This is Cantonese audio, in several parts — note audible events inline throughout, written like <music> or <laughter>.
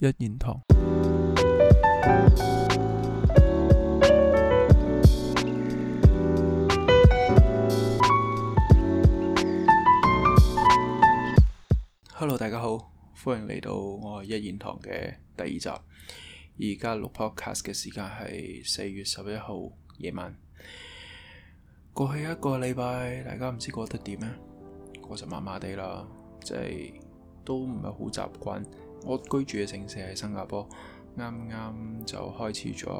一言堂。Hello，大家好，歡迎嚟到我係一言堂嘅第二集。而家錄 podcast 嘅時間係四月十一號夜晚。過去一個禮拜，大家唔知過得點咧？過就麻麻地啦，即係都唔係好習慣。我居住嘅城市喺新加坡，啱啱就開始咗、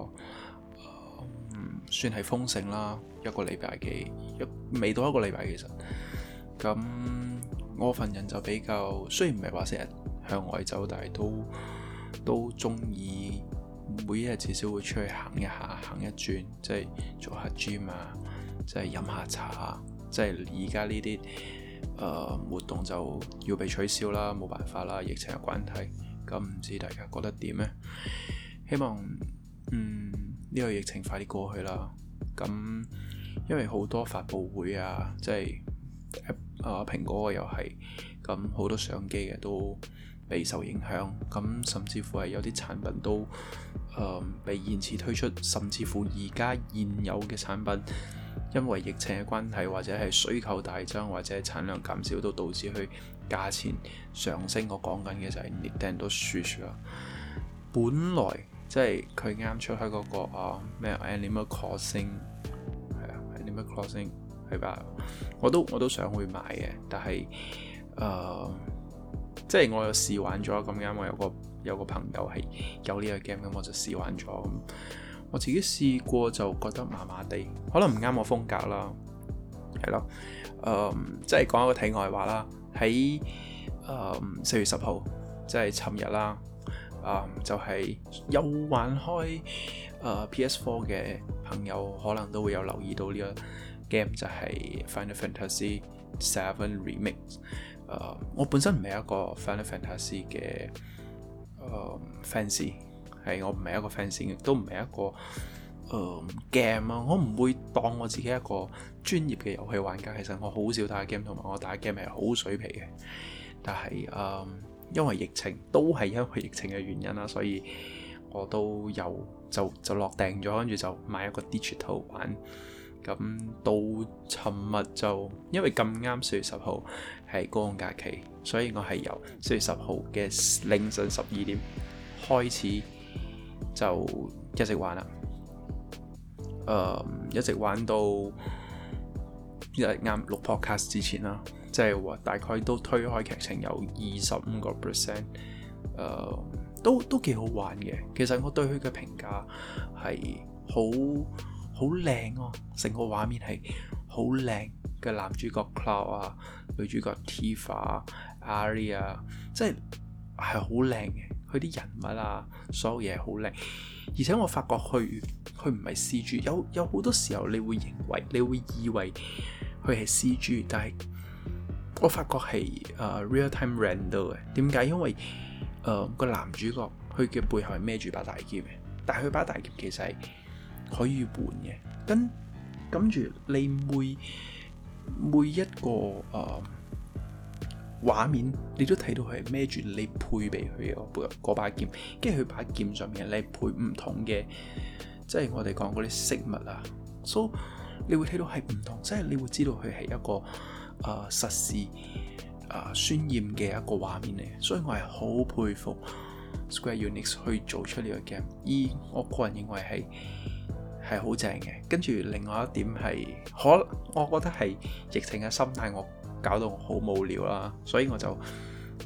呃，算係封城啦，一個禮拜幾，一未到一個禮拜其實。咁我份人就比較，雖然唔係話成日向外走，但係都都中意每一日至少會出去行一下，行一轉，即係做一下 gym 啊，即係飲下茶，即係而家呢啲。誒、呃、活動就要被取消啦，冇辦法啦，疫情嘅關係。咁唔知大家覺得點呢？希望嗯呢、呢個疫情快啲過去啦。咁因為好多發佈會啊，即係誒、啊、蘋果又係，咁好多相機嘅都備受影響。咁甚至乎係有啲產品都、呃、被延遲推出，甚至乎而家現有嘅產品。因為疫情嘅關係，或者係需求大增，或者產量減少，都導致佢價錢上升。我講緊嘅就係 Nintendo Switch 啦。本來即係佢啱出開嗰、那個啊咩 Animal Crossing 係啊、yeah, Animal Crossing 係吧？我都我都想去買嘅，但係誒、呃，即係我有試玩咗咁啱，我有個有個朋友係有呢個 game 咁，我就試玩咗。我自己試過就覺得麻麻地，可能唔啱我風格啦，係咯、嗯，即係講一個題外話啦，喺四、嗯、月十號，即係尋日啦，誒、嗯、就係、是、有玩開、呃、PS4 嘅朋友，可能都會有留意到呢個 game 就係、是、Final Fantasy VII Remake、嗯、我本身唔係一個 Final Fantasy 嘅誒 fans。呃係我唔係一個 fans 嘅，都唔係一個誒 game、嗯、啊！我唔會當我自己一個專業嘅遊戲玩家。其實我好少打 game，同埋我打 game 係好水皮嘅。但係誒、嗯，因為疫情，都係因為疫情嘅原因啦，所以我都有就就落訂咗，跟住就買一個 digital 玩。咁到尋日就因為咁啱四月十號係高慶假期，所以我係由四月十號嘅凌晨十二點開始。就一直玩啦，誒、嗯、一直玩到日啱、嗯、錄 podcast 之前啦，即係話大概都推開劇情有二十五個 percent，誒都都幾好玩嘅。其實我對佢嘅評價係好好靚哦，成、啊、個畫面係好靚嘅男主角 Cloud 啊、女主角 Tifa、Aria，即係係好靚嘅。佢啲人物啊，所有嘢好叻，而且我發覺佢佢唔係 CG，有有好多時候你會認為你會以為佢係 CG，但係我發覺係誒、uh, real time render 嘅。點解？因為誒個、uh, 男主角佢嘅背後係孭住把大劍嘅，但係佢把大劍其實係可以換嘅。跟跟住你每每一個誒。Uh, 畫面你都睇到佢係孭住你配備佢嘅嗰把劍，跟住佢把劍上面你配唔同嘅，即係我哋講嗰啲飾物啊，So，你會睇到係唔同，即係你會知道佢係一個啊、呃、實時啊、呃、渲染嘅一個畫面嚟，所以我係好佩服 Square Enix 去做出呢個 game，而我個人認為係係好正嘅。跟住另外一點係，可我覺得係疫情嘅心態我。搞到我好無聊啦，所以我就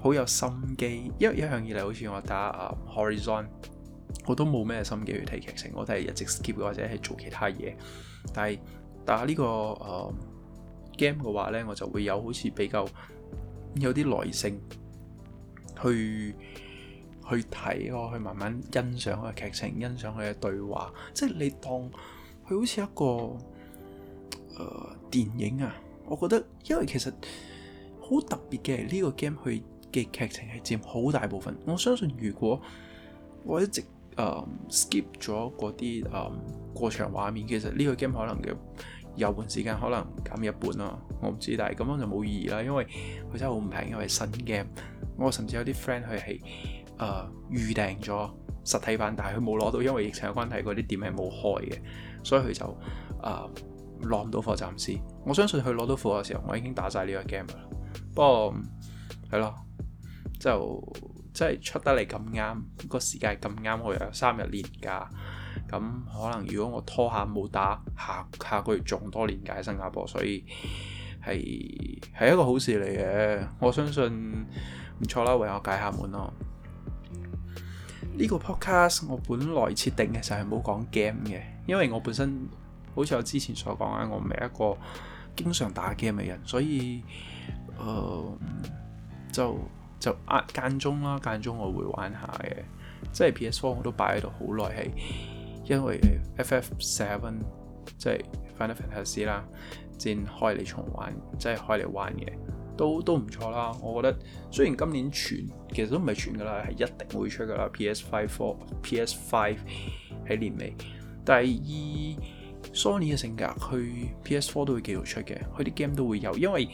好有心機，因為一向以嚟好似我打啊、um, Horizon，我都冇咩心機去睇劇情，我都係一直 skip 或者係做其他嘢。但係打呢、這個誒、uh, game 嘅話呢，我就會有好似比較有啲耐性去去睇，我去慢慢欣賞佢嘅劇情，欣賞佢嘅對話，即係你當佢好似一個誒、uh, 電影啊。我覺得，因為其實好特別嘅呢、這個 game 佢嘅劇情係佔好大部分。我相信如果我一直誒、呃、skip 咗嗰啲誒過場畫面，其實呢個 game 可能嘅遊玩時間可能減一半咯。我唔知，但係咁樣就冇意義啦。因為佢真係好唔平，因為新 game。我甚至有啲 friend 佢係誒預訂咗實體版，但係佢冇攞到，因為疫情嘅關係嗰啲店係冇開嘅，所以佢就誒、呃攞唔到貨暫時，我相信佢攞到貨嘅時候，我已經打晒呢個 game 啦。不過係咯，就真係出得嚟咁啱，個時間咁啱，我又有三日連假，咁可能如果我拖下冇打，下下個月仲多連假喺新加坡，所以係係一個好事嚟嘅。我相信唔錯啦，為我解下悶咯。呢個 podcast 我本來設定嘅就係冇講 game 嘅，因為我本身。好似我之前所講啊，我唔係一個經常打 game 嘅人，所以誒、呃、就就間中啦，間中我會玩下嘅。即係 P.S. Four 我都擺喺度好耐，係因為 F.F. Seven 即係 Final Fantasy 啦，先開嚟重玩，即係開嚟玩嘅，都都唔錯啦。我覺得雖然今年傳其實都唔係傳㗎喇，係一定會出㗎喇。P.S. Five Four P.S. Five 喺年尾，但係依。Sony 嘅性格，佢 PS Four 都會繼續出嘅，佢啲 game 都會有，因為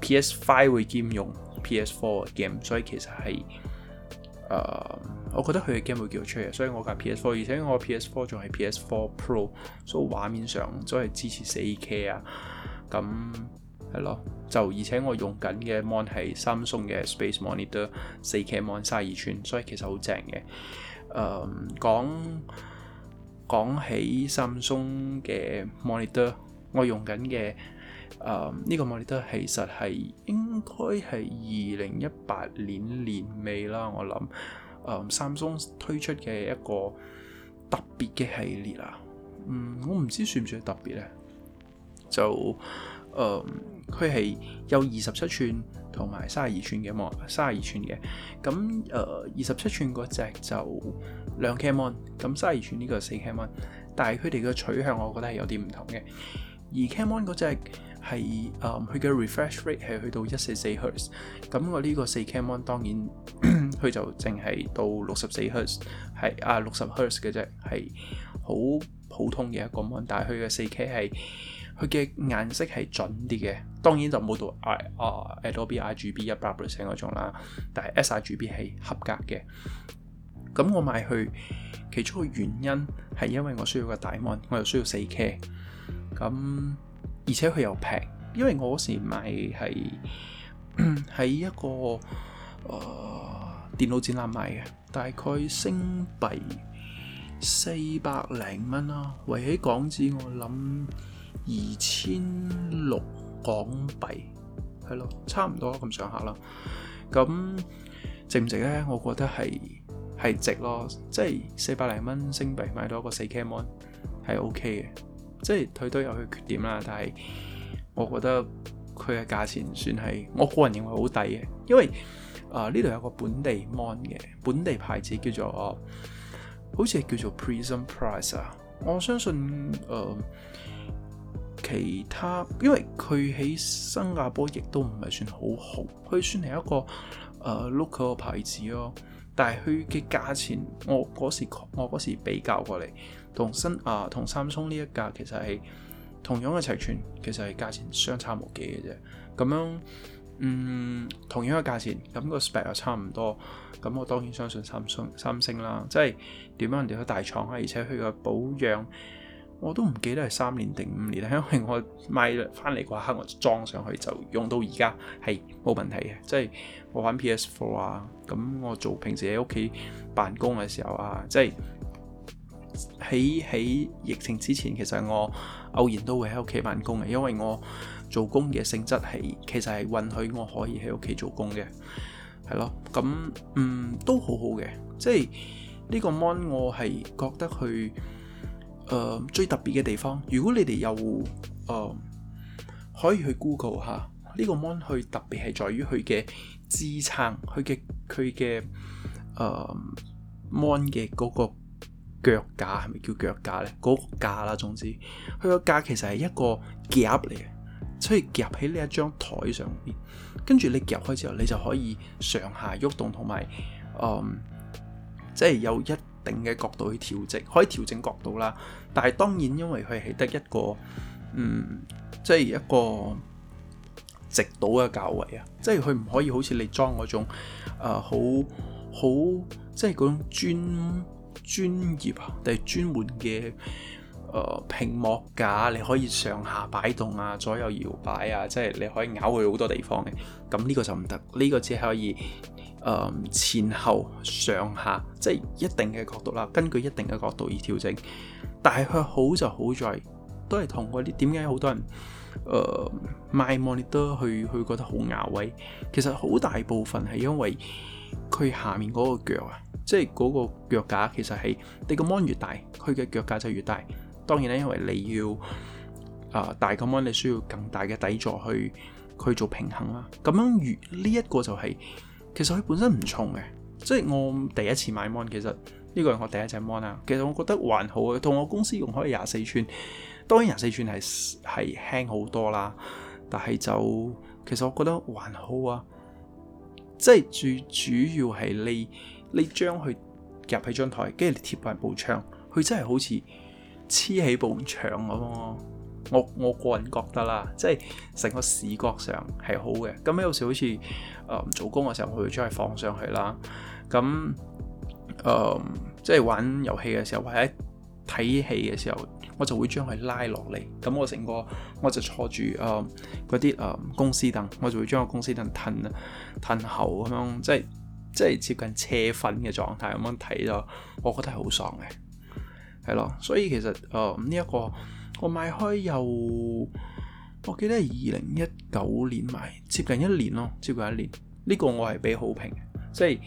PS Five 會兼用 PS Four 嘅 game，所以其實係誒、呃，我覺得佢嘅 game 會繼續出嘅。所以我架 PS Four，而且我 PS Four 仲係 PS Four Pro，所以畫面上都係支持四 K 啊，咁係咯，就而且我用緊嘅 mon 係 Samsung 嘅 Space Monitor 四 K Mon，卅二寸，所以其實好正嘅。誒、呃，講。講起三星嘅 monitor，我用緊嘅誒呢個 monitor 其實係應該係二零一八年年尾啦，我諗誒、嗯、三星推出嘅一個特別嘅系列啊，嗯，我唔知算唔算特別咧，就。誒，佢係、嗯、有二十七寸同埋三十二寸嘅，Mon，三十二寸嘅。咁誒，二十七寸嗰隻就兩 K Mon，咁三十二寸呢個四 K Mon。但係佢哋嘅取向，我覺得係有啲唔同嘅。而 K Mon 嗰隻係誒，佢、嗯、嘅 refresh rate 係去到一四四 Hertz。咁我呢個四 K Mon 當然，佢就淨係到六十四 Hertz，係啊六十 Hertz 嘅啫，係好普通嘅一個 mon。但係佢嘅四 K 係。佢嘅顏色係準啲嘅，當然就冇到 I 啊、oh, Adobe RGB 一百 percent 嗰種啦，但係 sRGB 係合格嘅。咁我買佢其中嘅原因係因為我需要個大 mon，我又需要四 K，咁而且佢又平，因為我嗰時買係喺一個誒、呃、電腦展覽買嘅，大概星幣四百零蚊啦。圍起港紙我諗。二千六港幣，係咯，差唔多咁上下啦。咁值唔值呢？我覺得係係值咯，即係四百零蚊星幣買到一個四 K Mon 係 OK 嘅。即係佢都有佢缺點啦，但係我覺得佢嘅價錢算係我個人認為好抵嘅，因為啊呢度有個本地 Mon 嘅本地牌子叫做、呃、好似係叫做 Prism Price 啊。我相信誒。呃其他，因為佢喺新加坡亦都唔係算好紅，佢算係一個誒 local 嘅牌子咯。但係佢嘅價錢，我嗰時我嗰時比較過嚟、啊，同新啊同三星呢一價其實係同樣嘅尺寸，其實係價錢相差無幾嘅啫。咁樣嗯，同樣嘅價錢，咁、個 spec 又差唔多，咁我當然相信三星三星啦。即係點樣？人哋去大廠啊，而且佢個保養。我都唔記得係三年定五年，因為我買翻嚟嗰下，我裝上去就用到而家，係冇問題嘅。即係我玩 PS Four 啊，咁我做平時喺屋企辦公嘅時候啊，即係喺喺疫情之前，其實我偶然都會喺屋企辦公嘅，因為我做工嘅性質係其實係允許我可以喺屋企做工嘅，係咯。咁嗯都好好嘅，即係呢個 mon 我係覺得去。誒，呃，最特別嘅地方，如果你哋又誒可以去 Google 吓，呢個 mon 佢特別係在於佢嘅支撐，佢嘅佢嘅誒 mon 嘅嗰個腳架係咪叫腳架呢？嗰個架啦，總之，佢個架其實係一個夾嚟嘅，所以夾喺呢一張台上邊，跟住你夾開之後，你就可以上下喐動，同埋，呃，即係有一。定嘅角度去調整，可以調整角度啦。但係當然，因為佢係得一個，嗯，即係一個直度嘅較位啊。即係佢唔可以好似你裝嗰種，誒、呃，好好即係嗰種專專業啊，定係專門嘅誒、呃、屏幕架，你可以上下擺動啊，左右搖擺啊，即係你可以咬佢好多地方嘅。咁呢個就唔得，呢、呢個只係可以。誒前後上下，即係一定嘅角度啦。根據一定嘅角度而調整，但係佢好就好在都係同嗰啲，點解好多人誒賣 monitor 去去覺得好牙位，其實好大部分係因為佢下面嗰個腳啊，即係嗰個腳架其實係你嘅 mon 越大，佢嘅腳架就越大。當然咧，因為你要啊、呃、大個 mon，你需要更大嘅底座去去做平衡啦。咁樣如呢一、這個就係、是。其實佢本身唔重嘅，即係我第一次買 mon，其實呢個係我第一隻 mon，其實我覺得還好啊，同我公司用開廿四寸，當然廿四寸係係輕好多啦。但係就其實我覺得還好啊，即係最主，主要係你你將佢夾喺張台，跟住貼埋部牆，佢真係好似黐起部牆咁咯。我我個人覺得啦，即係成個視覺上係好嘅。咁有時候好似誒做工嘅時候，我會將佢放上去啦。咁誒、呃、即係玩遊戲嘅時候，或者睇戲嘅時候，我就會將佢拉落嚟。咁我成個我就坐住誒嗰啲誒公司凳，我就會將個公司凳褪褪後咁樣，即係即係接近斜瞓嘅狀態咁樣睇咗，我覺得係好爽嘅，係咯。所以其實誒呢一個。我買開又，我記得係二零一九年買，接近一年咯，接近一年。呢、這個我係俾好評嘅，即係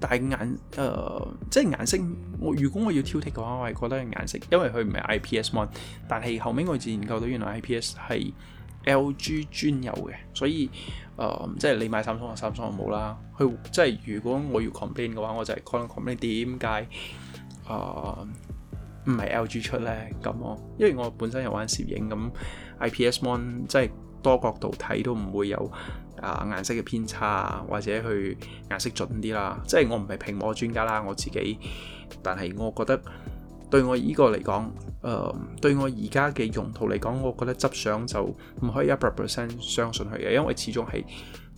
但係顏，誒、呃，即係顏色。我如果我要挑剔嘅話，我係覺得係顏色，因為佢唔係 IPS One，但係後屘後尾我自研究到，原來 IPS 係 LG 專有嘅，所以誒、呃，即係你買三星，我三星我冇啦。佢即係如果我要 combine 嘅話，我就係可能 combine 點解？誒、呃。唔係 LG 出呢，咁我因為我本身有玩攝影，咁 IPS mon 即係多角度睇都唔會有啊顏色嘅偏差啊，或者去顏色準啲啦。即係我唔係屏幕專家啦，我自己，但係我覺得對我依個嚟講，誒、呃、對我而家嘅用途嚟講，我覺得執相就唔可以一百 percent 相信佢嘅，因為始終係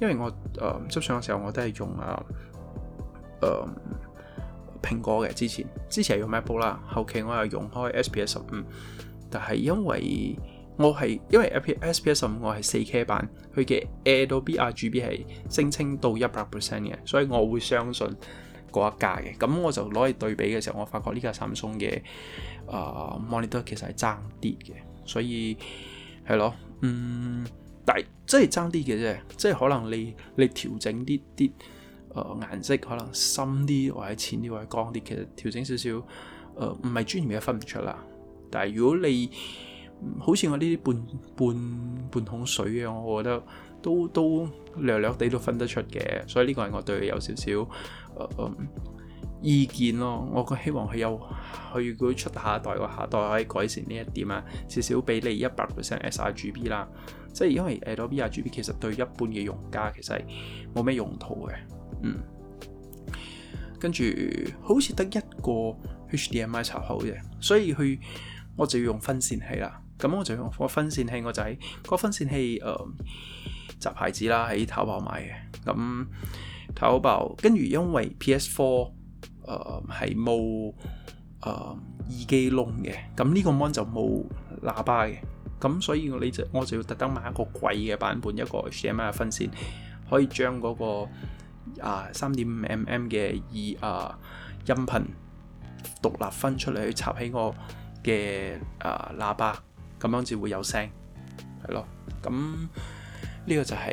因為我誒、呃、執相嘅時候我都係用啊、呃蘋果嘅之前，之前係用 MacBook 啦，後期我又用開 XPS 十五，但係因為我係因為 XPS 十五我係四 K 版，佢嘅 Adobe RGB 係聲稱到一百 percent 嘅，所以我會相信嗰一家嘅。咁我就攞嚟對比嘅時候，我發覺呢架三星嘅啊 monitor 其實係爭啲嘅，所以係咯，嗯，但係真係爭啲嘅啫，即係可能你你調整啲啲。誒、呃、顏色可能深啲，或者淺啲，或者光啲，其實調整少少，唔、呃、係專業嘅分唔出啦。但係如果你好似我呢啲半半半桶水嘅，我覺得都都略略地都分得出嘅，所以呢個係我對佢有少少、呃嗯、意見咯。我希望佢有佢佢出下一代個下一代可以改善呢一點啊，至少俾你一百 percent SRGB 啦。即係因為 Adobe RGB 其實對一般嘅用家其實係冇咩用途嘅。嗯，跟住好似得一個 HDMI 插口嘅，所以佢我就要用分線器啦。咁我就用我分我、就是那個分線器，我就喺個分線器誒，雜牌子啦喺淘寶買嘅。咁淘寶，跟住因為 PS Four 誒係冇耳機窿嘅，咁呢個 mon 就冇喇叭嘅，咁所以你就我就要特登買一個貴嘅版本，一個 HDMI 嘅分線，可以將嗰、嗰個。啊，三點五 mm 嘅二啊音頻獨立分出嚟去插喺我嘅啊喇叭，咁樣至會有聲，係咯。咁呢個就係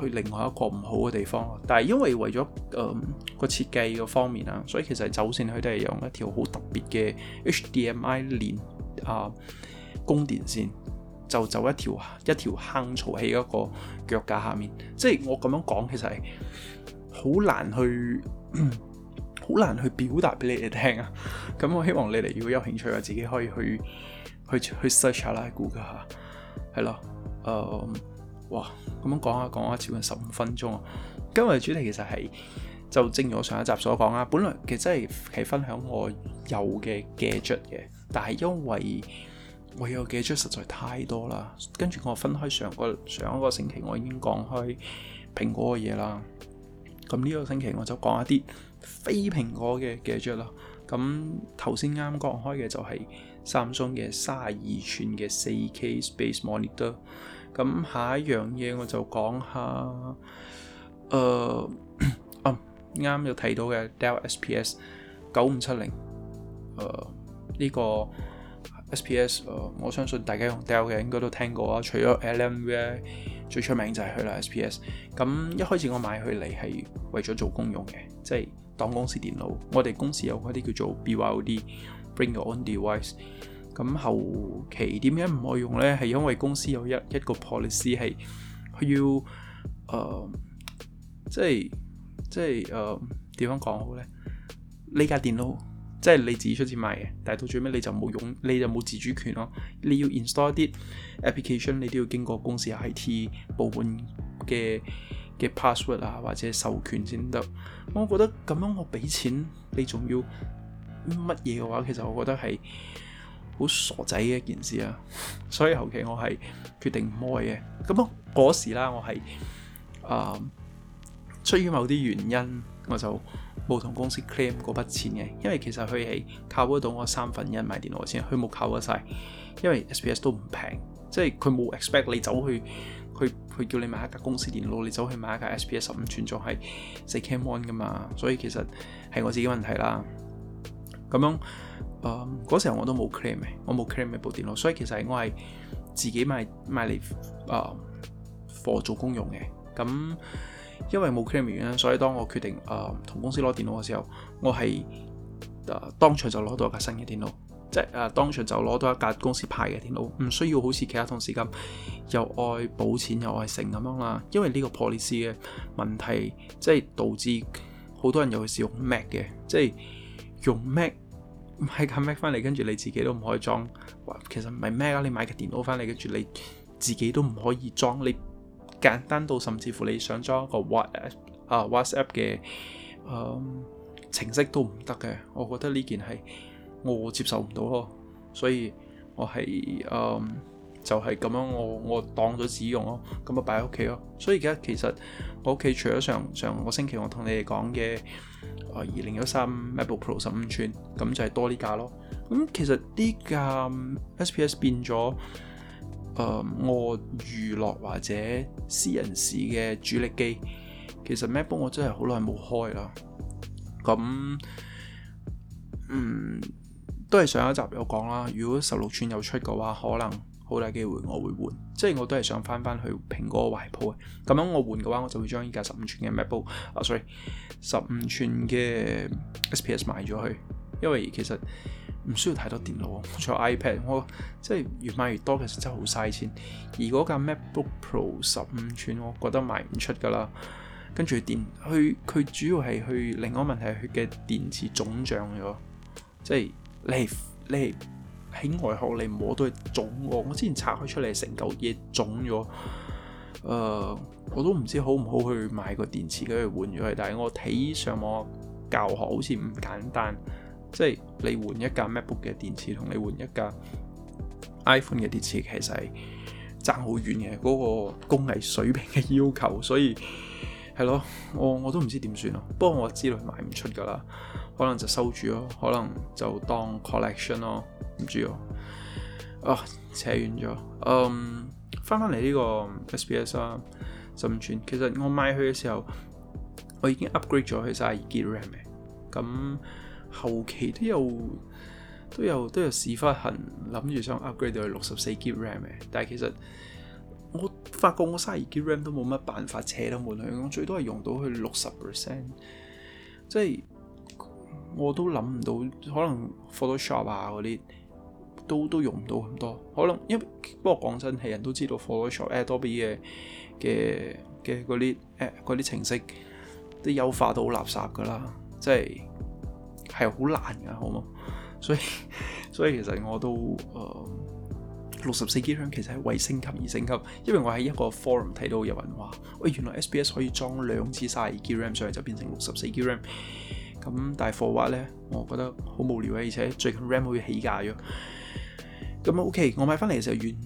去另外一個唔好嘅地方。但係因為為咗誒個設計方面啊，所以其實走線佢都係用一條好特別嘅 HDMI 連啊供電線，就走一條一條坑槽喺嗰個腳架下面。即係我咁樣講，其實係。好難去，好難去表達俾你哋聽啊。咁我希望你哋如果有興趣嘅，自己可以去去去 search 下啦，Google 吓係咯。誒、呃，哇，咁樣講下講下，接近十五分鐘啊。今日主題其實係就正如我上一集所講啦。本來其實真係分享我有嘅 gadget 嘅，但係因為我有 gadget 實在太多啦，跟住我分開上個上一個星期我已經講開蘋果嘅嘢啦。咁呢個星期我就講一啲非蘋果嘅 gear 啦。咁頭先啱講開嘅就係三星嘅三十二寸嘅四 K Space Monitor。咁下一樣嘢我就講下，誒、呃，啱、啊、有睇到嘅 Dell XPS 九五七零，呢、這個。XPS，、呃、我相信大家用 Dell 嘅，應該都聽過啊。除咗 L.M.V.I.，最出名就係佢啦。XPS 咁一開始我買佢嚟係為咗做公用嘅，即係當公司電腦。我哋公司有嗰啲叫做 B.Y.O.D.（Bring BR Your Own Device）。咁後期點解唔可以用呢？係因為公司有一一個 policy 係佢要，呃、即係即係誒點樣講好呢？呢架電腦。即係你自己出錢買嘅，但係到最尾你就冇用，你就冇自主權咯。你要 install 一啲 application，你都要經過公司 IT 部門嘅嘅 password 啊，或者授權先得。我覺得咁樣我俾錢你仲要乜嘢嘅話，其實我覺得係好傻仔嘅一件事啊。所以後期我係決定唔開嘅。咁啊嗰時啦，我係啊出於某啲原因，我就。冇同公司 claim 嗰筆錢嘅，因為其實佢係靠得到我三分一買電腦嘅錢，佢冇靠得晒，因為 XPS 都唔平，即係佢冇 expect 你走去，佢佢叫你買一架公司電腦，你走去買一架 XPS 十五寸咗係四 K one 噶嘛，所以其實係我自己的問題啦。咁樣，誒、呃、嗰時候我都冇 claim 嘅，我冇 claim 部電腦，所以其實我係自己買買嚟誒貨做公用嘅，咁。因為冇 claim 完啦，所以當我決定誒、呃、同公司攞電腦嘅時候，我係誒、呃、當場就攞到一架新嘅電腦，即係誒、呃、當場就攞到一架公司派嘅電腦，唔需要好似其他同事咁又愛補錢又愛剩咁樣啦。因為呢個 policy 嘅問題，即係導致好多人又係使用 Mac 嘅，即係用 Mac 買架 Mac 翻嚟，跟住你自己都唔可以裝。其實唔係 Mac 啦，你買架電腦翻嚟，跟住你自己都唔可以裝你。簡單到甚至乎你想裝一個 WhatsApp 啊 WhatsApp 嘅程式都唔得嘅，我覺得呢件係我接受唔到咯，所以我係誒、嗯、就係、是、咁樣我，我我當咗紙用咯，咁就擺喺屋企咯。所以而家其實我屋企除咗上上個星期我同你哋講嘅二零一三 MacBook Pro 十五寸，咁就係多呢架咯。咁、嗯、其實呢架 XPS 變咗。誒、uh, 我娛樂或者私人事嘅主力機，其實 MacBook 我真係好耐冇開啦。咁，嗯，都係上一集有講啦。如果十六寸有出嘅話，可能好大機會我會換，即係我都係想返返去蘋果個懷抱。咁樣我換嘅話，我就會將呢架十五寸嘅 MacBook 啊、oh，sorry，十五寸嘅 XPS 賣咗去，因為其實。唔需要太多電腦，除咗 iPad，我即係越買越多，其實真係好嘥錢。而嗰架 MacBook Pro 十五寸，我覺得賣唔出噶啦。跟住電，佢佢主要係去另外問題，佢嘅電池腫脹咗，即係你你喺外殼你摸到腫喎。我之前拆開出嚟，成嚿嘢腫咗。誒、呃，我都唔知道好唔好去買個電池佢嚟換咗佢，但係我睇上網教學好似唔簡單。即係你換一架 MacBook 嘅電池同你換一架 iPhone 嘅電池，其實係爭好遠嘅，嗰、那個工藝水平嘅要求，所以係咯，我我都唔知點算咯。不過我知道佢賣唔出噶啦，可能就收住咯，可能就當 collection 咯，唔知哦。啊，扯遠咗，嗯，翻翻嚟呢個 XPS 啊，就唔轉。其實我買佢嘅時候，我已經 upgrade 咗佢晒32 G RAM 咁。後期都有都有都有屎忽痕，諗住想 upgrade 到去六十四 G RAM 嘅。但係其實我發覺我卅二 G RAM 都冇乜辦法扯到滿去，我最多係用到去六十 percent，即係我都諗唔到，可能 Photoshop 啊嗰啲都都用唔到咁多。可能因為，不過講真，係人都知道 Photoshop、Adobe 嘅嘅嘅嗰啲呃啲程式都優化到好垃圾噶啦，即係。係好難噶，好冇，所以所以其實我都誒六十四 G RAM 其實係為升級而升級，因為我喺一個 forum 睇到有人話，喂、哎、原來 SBS 可以裝兩支卅二 G RAM 上去，就變成六十四 G RAM，咁但係 for what 呢？我覺得好無聊嘅，而且最近 RAM 好似起價咗，咁 OK，我買翻嚟嘅時候原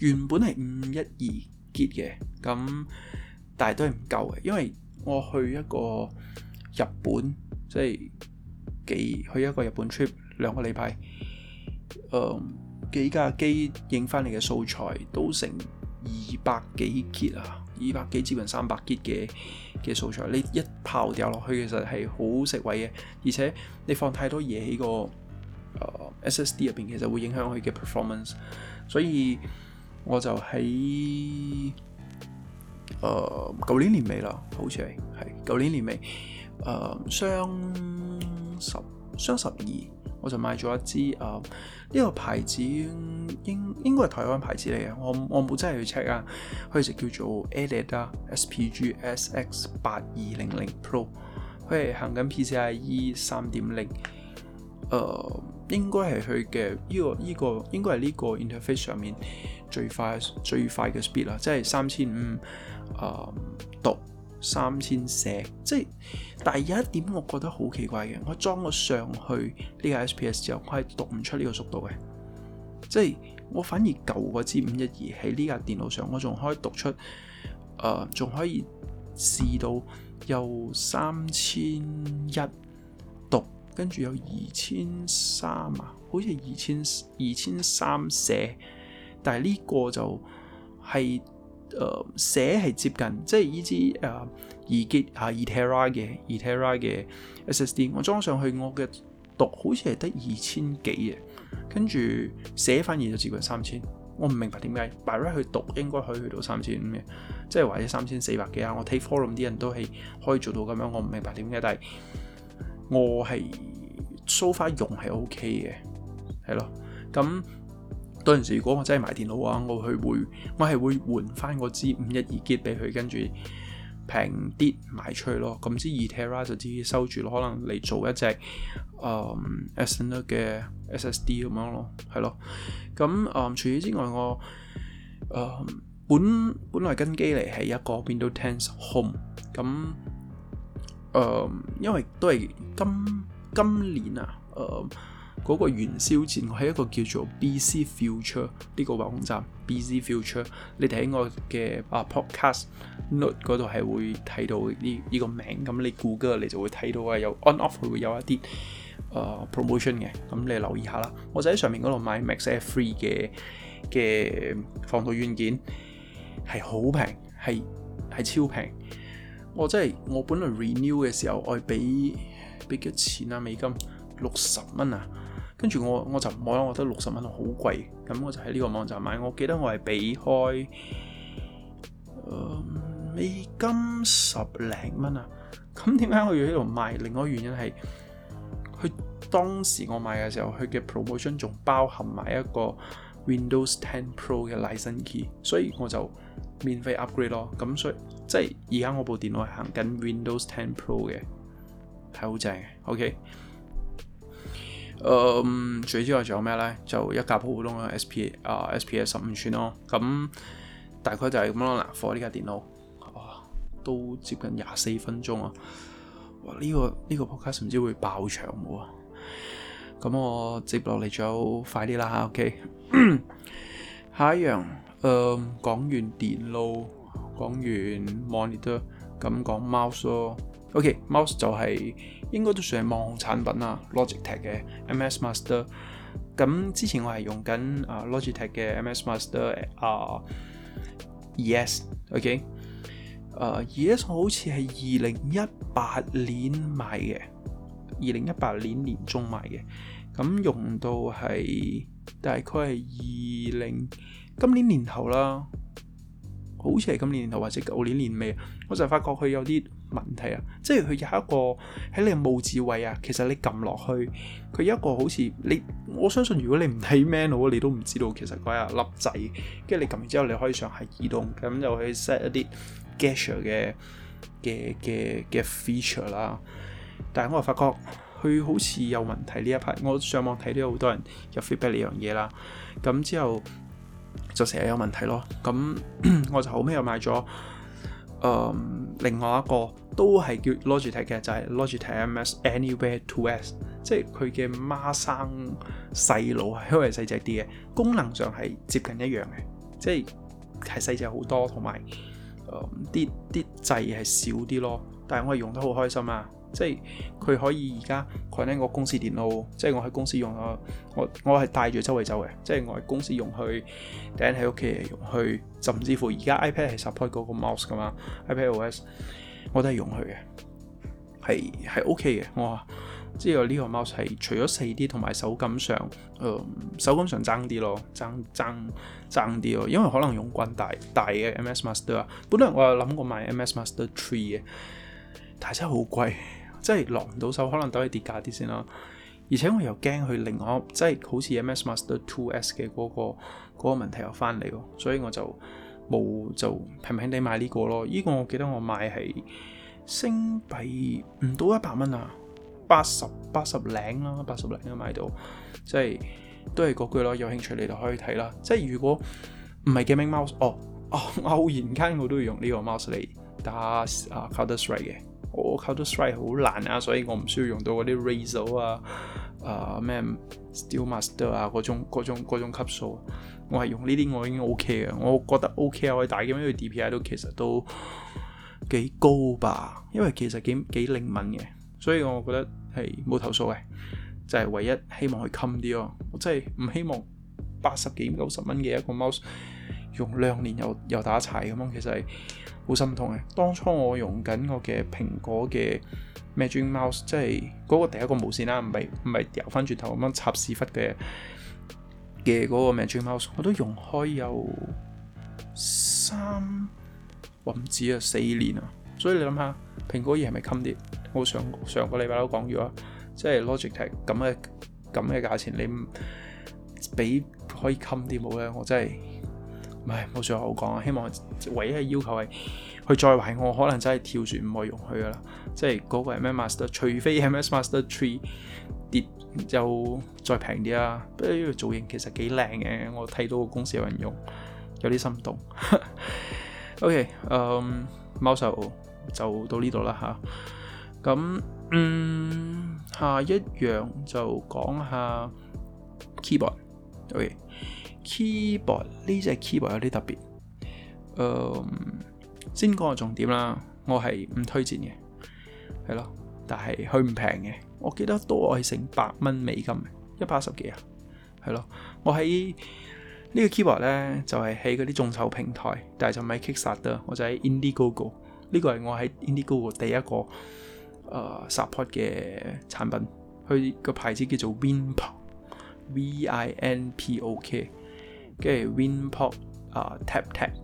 原本係五一二 G 嘅，咁但係都係唔夠嘅，因為我去一個日本，即係。幾去一個日本 trip 兩個禮拜，誒、嗯、幾架機影翻嚟嘅素材都成二百幾 G 啊，二百幾接近三百 G 嘅嘅素材，你一炮掉落去其實係好食位嘅，而且你放太多嘢，喺個誒、呃、SSD 入邊，其實會影響佢嘅 performance，所以我就喺誒舊年年尾啦，好似係係舊年年尾誒、呃十雙十二，我就買咗一支啊！呢、呃這個牌子，應該應該係台灣牌子嚟嘅，我我冇真係去 check 啊。佢就叫做 ADATA，e，啊，XPG SX 八二零零 Pro，佢係行緊 PCIe 三點零。誒、e 呃，應該係佢嘅呢個呢，這個應該係呢個 interface 上面最快最快嘅 speed 啦、呃，即係三千五誒度。三千寫，即係，但係有一點我覺得好奇怪嘅，我裝咗上去呢、這個 XPS 之後，我係讀唔出呢個速度嘅，即係我反而舊支五一二喺呢架電腦上，我仲可以讀出，誒、呃，仲可以試到有三千一讀，跟住有二千三啊，好似二千二千三寫，但係呢個就係、是。誒，寫係、呃、接近，即係呢支誒二吉啊二、e 啊 e、t e r i 嘅二 Tera 嘅 SSD，我裝上去我嘅讀好似係得二千幾嘅，跟住寫反而就接近三千，我唔明白點解。Direct 去讀應該可以去到三千五嘅，即係或者三千四百幾啊。我睇 a k e Forum 啲人都係可以做到咁樣，我唔明白點解，但係我係 so far 用係 OK 嘅，係咯，咁。到陣時，如果我真係賣電腦嘅話，我去會，我係會換翻嗰支五一二結俾佢，跟住平啲賣出去咯。咁支二 tera 就自己收住咯，可能嚟做一隻誒 Essent 的嘅 SSD 咁樣咯，係咯。咁、嗯、誒除此之外，我誒、嗯、本本來跟機嚟係一個 Windows 10 Home 咁、嗯、誒、嗯，因為都係今今年啊誒。嗯嗰個元宵節，我喺一個叫做 BC Future 呢個網站，BC Future，你睇我嘅啊 Podcast Note 嗰度係會睇到呢呢、個名，咁你 Google 你就會睇到啊有 On Off 佢、er、會有一啲 promotion 嘅，咁、呃、你留意一下啦。我就喺上面嗰度買 McAfee 嘅嘅防毒軟件，係好平，係係超平。我真係我本來 Renew 嘅時候，我俾俾幾多錢啊美金六十蚊啊！跟住我我就唔好啦，我覺得六十蚊好貴，咁我就喺呢個網站買。我記得我係俾開未、嗯、美金十零蚊啊，咁點解我要喺度買？另外一個原因係佢當時我買嘅時候，佢嘅 promotion 仲包含埋一個 Windows Ten Pro 嘅 license key，所以我就免費 upgrade 咯。咁所以即係而家我部電腦係行緊 Windows Ten Pro 嘅，係好正，OK。誒，除、嗯、之外仲有咩咧？就一架普通嘅 XPS 啊，XPS 十五寸咯。咁、嗯、大概就係咁咯。嗱 f 呢架電腦，哇，都接近廿四分鐘啊！哇，呢、這個呢、這個 podcast 唔知會爆長冇啊？咁、嗯嗯、我接落嚟仲有快啲啦。O、OK? K， <coughs> 下一樣，誒、嗯，講完電腦，講完 monitor，咁、嗯、講 mouse 咯。OK，mouse、okay，就係、是、應該都算係網紅產品啦，Logitech 嘅 MX Master。咁之前我係用緊啊、uh, Logitech 嘅 MX Master 啊，Yes，OK，啊 Yes、okay? uh, yes 好似係二零一八年買嘅，二零一八年年中買嘅，咁用到係大概係二零今年年頭啦，好似係今年年頭或者舊年年尾，我就發覺佢有啲問題啊，即係佢有一個喺你嘅拇指位啊，其實你撳落去佢有一個好似你，我相信如果你唔睇 menu，你都唔知道其實嗰日粒掣，跟住你撳完之後你可以上係移動，咁就去 set 一啲 gesture 嘅嘅嘅嘅 feature 啦。但係我又發覺佢好似有問題呢一排，我上網睇都有好多人有 feedback 呢樣嘢啦，咁之後就成日有問題咯。咁 <coughs> 我就後尾又買咗誒、嗯、另外一個。都係叫 l o g 攞住睇嘅，就係、是、攞住睇 M.S.Anywhere to S，即係佢嘅孖生細佬，因為細隻啲嘅功能上係接近一樣嘅，即係係細隻好多，同埋啲啲掣係少啲咯。但係我係用得好開心啊！即係佢可以而家佢 o n 我公司電腦，即係我喺公司用啊，我我係帶住周圍走嘅，即係我喺公司用去，頂喺屋企用去，甚至乎而家 iPad 係 support 嗰個 mouse 噶嘛，iPad O.S. 我都係用佢嘅，係係 O K 嘅。我話即係呢個 mouse 係除咗細啲同埋手感上，嗯，手感上爭啲咯，爭爭爭啲咯。因為可能用慣大大嘅 MS Master 啊，本來我有諗過買 MS Master Three 嘅，但係真係好貴，即係落唔到手，可能都係跌價啲先啦。而且我又驚佢另外即係、就是、好似 MS Master Two S 嘅嗰、那個嗰、那個問題又翻嚟，所以我就。冇就平平地買呢個咯，呢、這個我記得我買係星幣唔到一百蚊啊，八十八十零啦，八十零都買到，即係都係嗰句咯。有興趣你就可以睇啦。即係如果唔係 gaming mouse，哦哦，偶然間我都會用呢個 mouse 嚟打啊，Counter-Strike 嘅，我 Counter-Strike 好難啊，所以我唔需要用到嗰啲 Razer 啊。Uh, Master 啊咩 SteelMaster 啊嗰種嗰種嗰種級數，我係用呢啲我已經 OK 嘅，我覺得 OK 啊，我打機因為 DPI 都其實都幾高吧，因為其實幾幾靈敏嘅，所以我覺得係冇投訴嘅、啊，就係、是、唯一希望佢襟啲咯。我真係唔希望八十幾、九十蚊嘅一個 mouse 用兩年又又打齊咁樣，其實係好心痛嘅、啊。當初我用緊我嘅蘋果嘅。Magic Mouse，即係嗰、那個第一個無線啦、啊，唔係唔係掉翻轉頭咁樣插屎忽嘅嘅嗰個 Magic Mouse，我都用開有三，我唔止啊四年啊，所以你諗下，蘋果嘢係咪襟啲？我上上個禮拜都講咗，即係 Logitech 咁嘅咁嘅價錢，你唔俾可以襟啲冇咧？我真係，唔係冇上好講啊！希望唯一嘅要求係。佢再平我可能真係跳船唔可以用佢噶啦，即係嗰個 MX Master，除非 MX Master Three 跌就再平啲啊！不過呢個造型其實幾靚嘅，我睇到個公司有人用，有啲心動。 <laughs> OK，誒，mouse 就到呢度啦嚇。咁、啊，嗯，下一樣就講下 keyboard。OK，keyboard、okay. 呢隻 keyboard 有啲特別，誒、um。先講個重點啦，我係唔推薦嘅，係咯，但係佢唔平嘅，我記得都係成百蚊美金的，一百十幾啊，係咯，我喺、這個、呢個 keyboard 咧就係喺嗰啲眾籌平台，但係就唔係 Kickstarter，我就喺 IndieGoGo，呢個係我喺 IndieGoGo 第一個、呃、support 嘅產品，佢個牌子叫做 Vinpok V-I-N-P-O-K 跟住 Vinpok、呃、p Taptek。Tap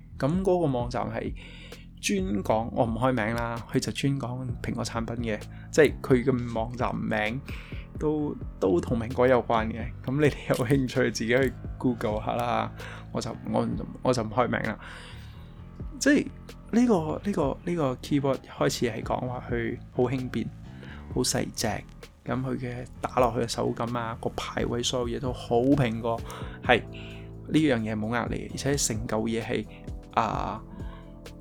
咁嗰個網站係專講我唔開名啦，佢就專講蘋果產品嘅，即係佢嘅網站名都都同蘋果有關嘅。咁你哋有興趣自己去 Google 下啦，我就我我就唔開名啦。即係呢個呢個呢個 keyboard 開始係講話佢好輕便、好細隻，咁佢嘅打落去嘅手感啊，個排位所有嘢都好蘋果，係呢樣嘢冇壓力，而且成嚿嘢係。啊，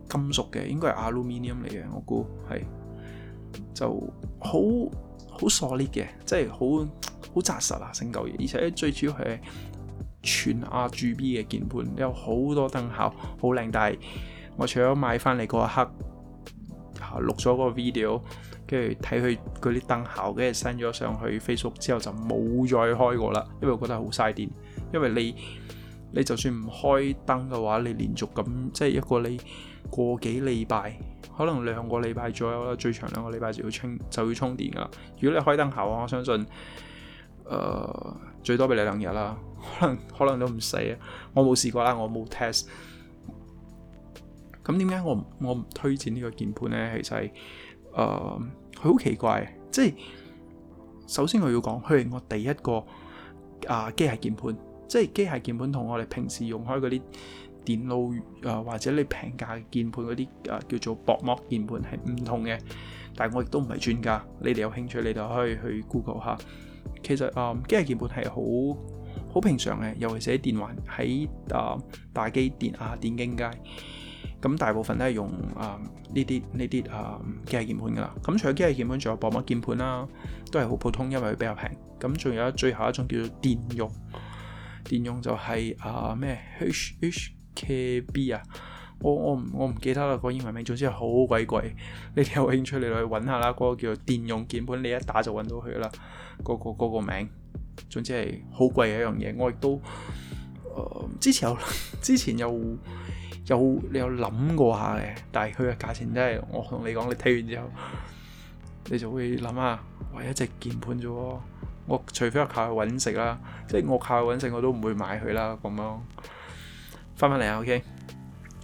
金屬嘅應該係 aluminium 嚟嘅，我估係就好好 solid 嘅，即係好好紮實啊！成舊嘢，而且最主要係全 RGB 嘅鍵盤，有好多燈效，好靚。但係我除咗買翻嚟嗰一刻，啊、錄咗個 video，跟住睇佢嗰啲燈效，跟住 send 咗上去 Facebook 之後，就冇再開過啦。因為我覺得好嘥電，因為你。你就算唔開燈嘅話，你連續咁即係一個你過幾禮拜，可能兩個禮拜左右啦，最長兩個禮拜就要充就要充電噶喇。如果你開燈後啊，我相信，誒、呃、最多俾你兩日啦，可能可能都唔使啊。我冇試過啦，我冇 test。咁點解我我唔推薦呢個鍵盤呢？其實係呃，佢好奇怪。即係首先我要講，佢係我第一個啊機械鍵盤。即係機械鍵盤同我哋平時用開嗰啲電腦啊、呃，或者你平價的鍵盤嗰啲啊叫做薄膜鍵盤係唔同嘅。但係我亦都唔係專家，你哋有興趣你就可以去 Google 下。其實啊、呃，機械鍵盤係好好平常嘅，尤其是喺電玩喺啊、呃、打機店啊電競街咁，大部分都係用啊呢啲呢啲啊機械鍵盤㗎啦。咁除咗機械鍵盤，仲有薄膜鍵盤啦，都係好普通，因為佢比較平。咁仲有最後一種叫做電容。電用就係、是、啊咩 HHKB 啊，我我唔我唔記得啦，個英文名，總之係好鬼貴。你哋有興趣，你去揾下啦，嗰、那個叫做電用鍵盤，你一打就揾到佢啦，嗰、那個、那個名，總之係好貴嘅一樣嘢。我亦都、呃，之前有之前有有你有諗過下嘅，但係佢嘅價錢真係，我同你講，你睇完之後，你就會諗下：「喂，一隻鍵盤啫。我除非我靠去揾食啦，即係我靠去揾食，我都唔會買佢啦。咁樣翻返嚟啊，OK，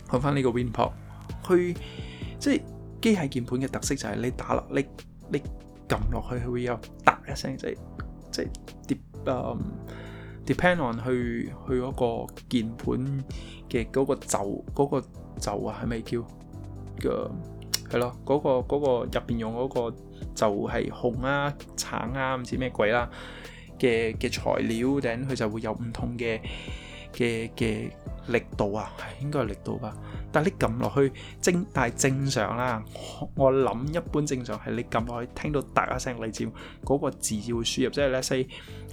講返呢個 Vinpok 佢即係機械鍵盤嘅特色就係你打落你你撳落去，佢會有嗒一聲，即係即係、um, depend on 去去嗰個鍵盤嘅嗰個軸嗰、嗰個軸啊，係咪叫個係咯？嗰個嗰個入邊用嗰個。嗰個就係紅啊、橙啊、唔知咩鬼啦嘅嘅材料，頂佢就會有唔同嘅嘅嘅力度啊，應該係力度吧。但你撳落去正，但係正常啦。我諗一般正常係你撳落去聽到突一聲你知，嗰個字字會輸入，即係 let's say。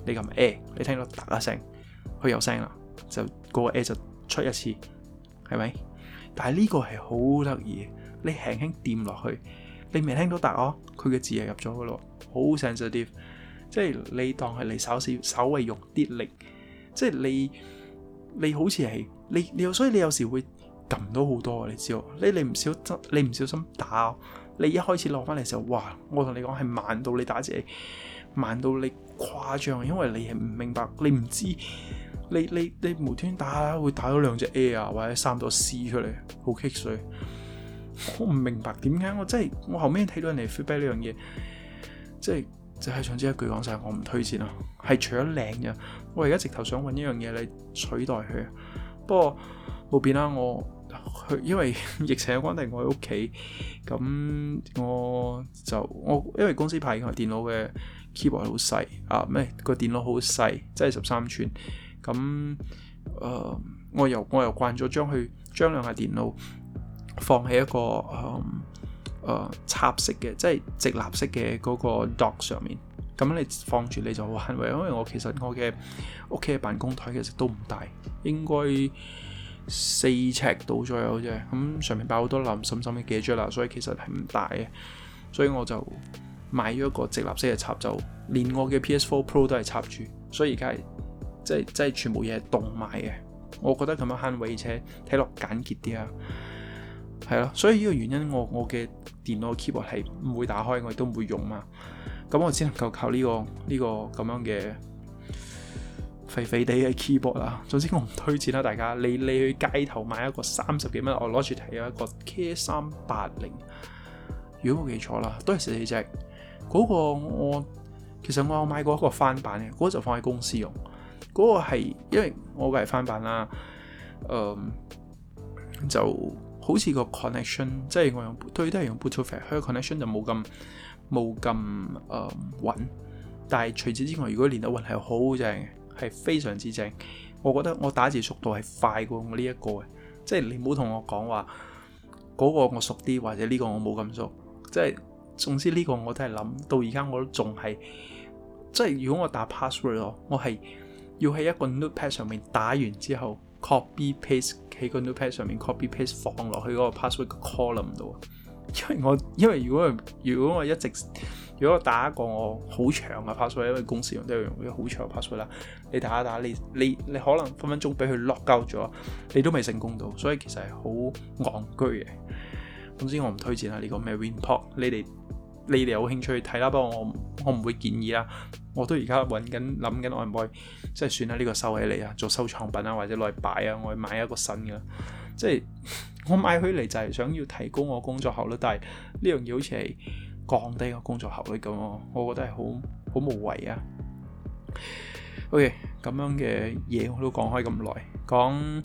你撳 A，你聽到突一聲，佢有聲啦，就嗰個 A 就出一次，係咪？但係呢個係好得意，你輕輕掂落去。你未聽到答我，佢嘅字係入咗嘅咯，好 sensitive。即係你當係你稍少、稍為用啲力，即係你你好似係你你，所以你有時會撳到好多，你知喎？你你唔小心，你唔小心打，你一開始落翻嚟時候，哇！我同你講係慢到你打字，慢到你誇張，因為你係唔明白，你唔知，你你你，你無端端打會打到兩隻 A 啊，或者三個 C 出嚟，好棘水。我唔明白點解，我真係我後面睇到人哋 feedback 呢樣嘢，即係就係想知一句講晒，我唔推薦啊，係除咗靚嘅，我而家直頭想揾一樣嘢嚟取代佢。不過冇變啦，我去因為疫情嘅關係，我喺屋企，咁我就我因為公司派台電腦嘅 keyboard 好細啊，咩個電腦好細，即係十三寸，咁誒、呃，我又我又慣咗將佢，將兩台電腦。放喺一個、嗯呃、插式嘅，即係直立式嘅嗰個 dock 上面。咁你放住你就慳位，因為我其實我嘅屋企嘅辦公台其實都唔大，應該四尺度左右啫。咁上面擺好多林森森嘅嘢咗啦，所以其實係唔大嘅。所以我就買咗一個直立式嘅插，就連我嘅 PS4 Pro 都係插住。所以而家係即係即係全部嘢係動埋嘅。我覺得咁樣慳位，而且睇落簡潔啲啊。係咯，所以呢個原因我，我我嘅電腦嘅 keyboard 係唔會打開，我亦都唔會用嘛。咁我只能夠靠呢個呢個咁樣嘅肥肥地嘅 keyboard 啦。總之我唔推薦啦，大家你你去街頭買一個三十幾蚊，我攞住睇有一個 K 三八零，如果冇記錯啦，都係四四隻。嗰個我其實我有買過一個翻版嘅，嗰個就放喺公司用。嗰個係因為我嘅係翻版啦，嗯就。好似個 connection，即係我用都係用 Bluetooth 佢 connection 就冇咁冇咁誒穩。但係除此之外，如果連得穩係好正，係非常之正。我覺得我打字速度係快過我呢一個嘅，即係你唔好同我講話嗰個我熟啲，或者呢個我冇咁熟。即係總之呢個我都係諗到而家我都仲係，即係如果我打 password，我係要喺一個 note pad 上面打完之後，copy paste 喺個 notepad 上面 copy paste 放落去嗰個 password 嘅 column 度，因為我因為如果如果我一直如果我打一個我好長嘅 password，因為公司用都要用啲好長嘅 password 啦，你打一打你你你可能分分鐘俾佢 lock out 咗，你都未成功到，所以其實係好戇居嘅。總之我唔推薦下呢、呢個咩 WinPod，你哋你哋有興趣去睇啦，不過我我唔會建議啦。我都而家揾緊，諗緊我係唔係即係算啦？呢個收起嚟啊，做收藏品啊，或者去擺啊。我去買一個新嘅，即係我買佢嚟就係想要提高我工作效率，但係呢樣嘢好似係降低個工作效率，咁我覺得係好好無謂、okay，啊。OK，咁樣嘅嘢我都講開咁耐，講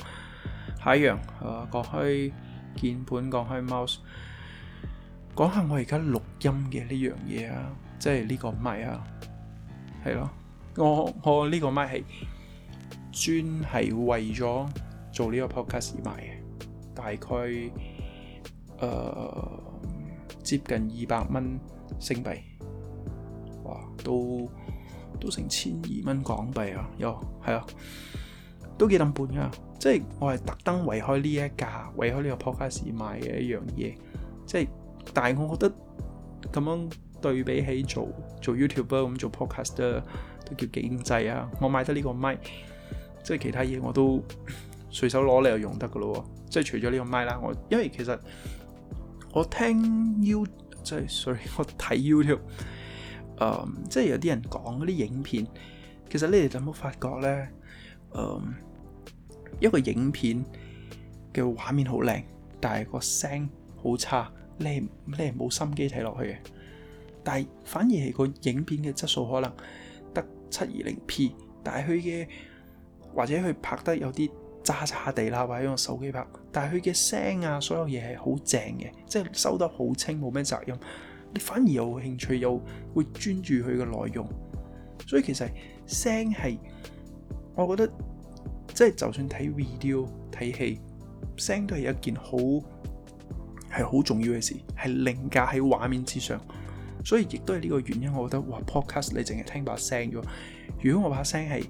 下一樣啊，講開鍵盤，講開 mouse，講下我而家錄音嘅呢樣嘢啊，即係呢個咪啊。係咯，我我呢個麥係專係為咗做呢個 podcast 買嘅，大概誒、呃、接近二百蚊星幣，哇，都都成千二蚊港幣啊，有係啊，都幾抌半噶，即係，我係特登為開呢一架，為開呢個 podcast 買嘅一樣嘢，即係，但係我覺得咁樣。對比起做做 YouTuber 咁做 Podcaster 咧，都叫經濟啊！我買得呢個麥，即係其他嘢我都隨手攞嚟又用得噶咯喎！即係除咗呢個麥啦，我因為其實我聽 You 即係 sorry 我睇 YouTube，誒、嗯、即係有啲人講嗰啲影片，其實你哋有冇發覺咧？誒、嗯、一個影片嘅畫面好靚，但係個聲好差，你你係冇心機睇落去嘅。但反而係個影片嘅質素可能得七二零 P，但係佢嘅或者佢拍得有啲渣渣地啦，或者用手機拍，但係佢嘅聲啊，所有嘢係好正嘅，即係收得好清，冇咩雜音。你反而有興趣，又會專注佢嘅內容。所以其實聲係，我覺得即係、就係、就算睇 video 睇戲，聲都係一件好係好重要嘅事，係凌駕喺畫面之上。所以亦都係呢個原因，我覺得哇 Podcast 你淨係聽把聲啫喎。如果我把聲係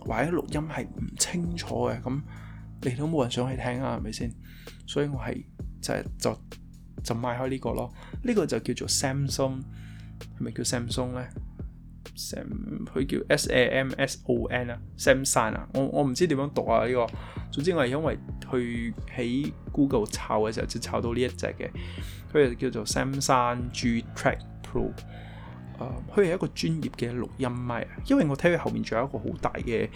或者錄音係唔清楚嘅，咁你都冇人想去聽啊，係咪先？所以我係就就就買開呢個咯。呢個就叫做 Samsung，係咪叫 Samsung 咧？Sam 佢叫 S, Sam，叫 S A M S O N 啊，Samson 啊。我我唔知點樣讀啊呢個。總之我係因為去喺 Google 抄嘅時候就抄到呢一隻嘅，佢就叫做 Samson G-Track。Pro，佢係、嗯、一個專業嘅錄音麥，因為我睇佢後面仲有一個好大嘅，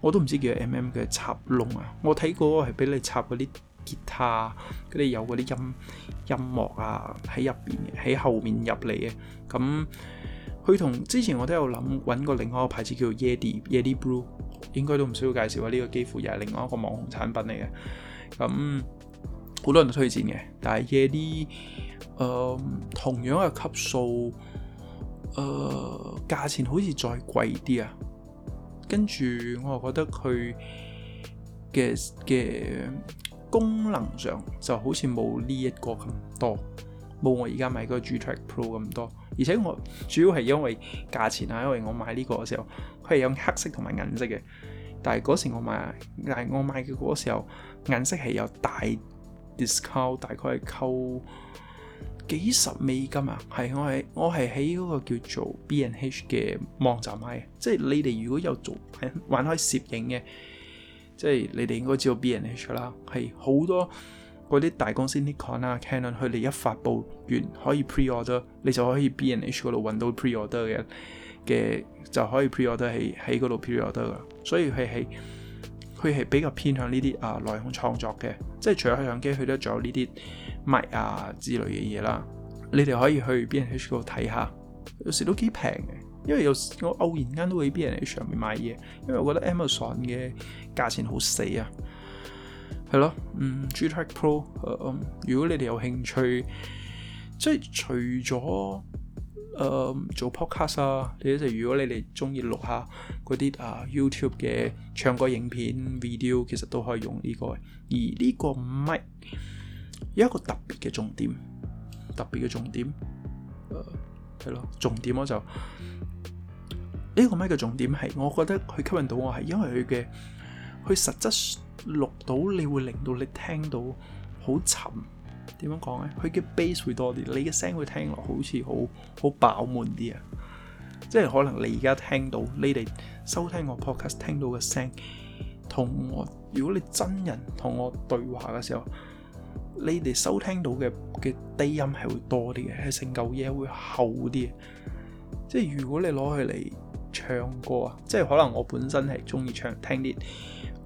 我都唔知叫 MM 嘅插窿啊。我睇過係俾你插嗰啲吉他，嗰啲有嗰啲音音樂啊喺入邊嘅，喺後面入嚟嘅。咁佢同之前我都有諗揾過另外一個牌子叫 Yeti Yeti Blue，應該都唔需要介紹啦。呢、呢個幾乎又係另外一個網紅產品嚟嘅。咁好多人都推薦嘅，但係 Yeti。誒、uh, 同樣嘅級數，誒、uh, 價錢好似再貴啲啊！跟住我又覺得佢嘅嘅功能上就好似冇呢一個咁多，冇我而家買個 G-Track Pro 咁多。而且我主要係因為價錢啊，因為我買呢個嘅時候，佢係有黑色同埋銀色嘅。但係嗰時我買，但係我買嘅嗰時候，銀色係有大 discount，大概係扣，幾十美金啊！係我係我係喺嗰個叫做 B&H 嘅網站買嘅，即係你哋如果有做玩開攝影嘅，即係你哋應該知道 B&H 啦，係好多嗰啲大公司 Nikon 啊、Canon，佢哋一發布完可以 pre order，你就可以 B&H 嗰度揾到 pre order 嘅嘅，就可以 pre order 喺喺嗰度 pre order 噶。所以佢係佢係比較偏向呢啲啊內容創作嘅，即係除咗相機，佢得仲有呢啲，麥啊，之類嘅嘢啦，你哋可以去 B&H 嗰度睇下，有時都幾平嘅。因為有時我偶然間都會喺 B&H 上面買嘢，因為我覺得 Amazon 嘅價錢好死啊。係咯，嗯，G-Track Pro、呃、如果你哋有興趣，即係除咗、呃、做 podcast 啊，如果你哋中意錄下嗰啲啊 YouTube 嘅唱歌影片 video，其實都可以用呢、呢個，而呢個麥有一個特別嘅重點，特別嘅重點，誒、呃，係咯，重點我就呢、這個咩嘅重點係，我覺得佢吸引到我係因為佢嘅，佢實質錄到你會令到你聽到好沉，點樣講呢？佢嘅 bass 會多啲，你嘅聲會聽落好似好好飽滿啲啊！即係可能你而家聽到，你哋收聽我 podcast 聽到嘅聲，同我如果你真人同我對話嘅時候。你哋收聽到嘅嘅低音係會多啲嘅，係成嚿嘢會厚啲嘅。即係如果你攞佢嚟唱歌啊，即係可能我本身係中意唱聽啲、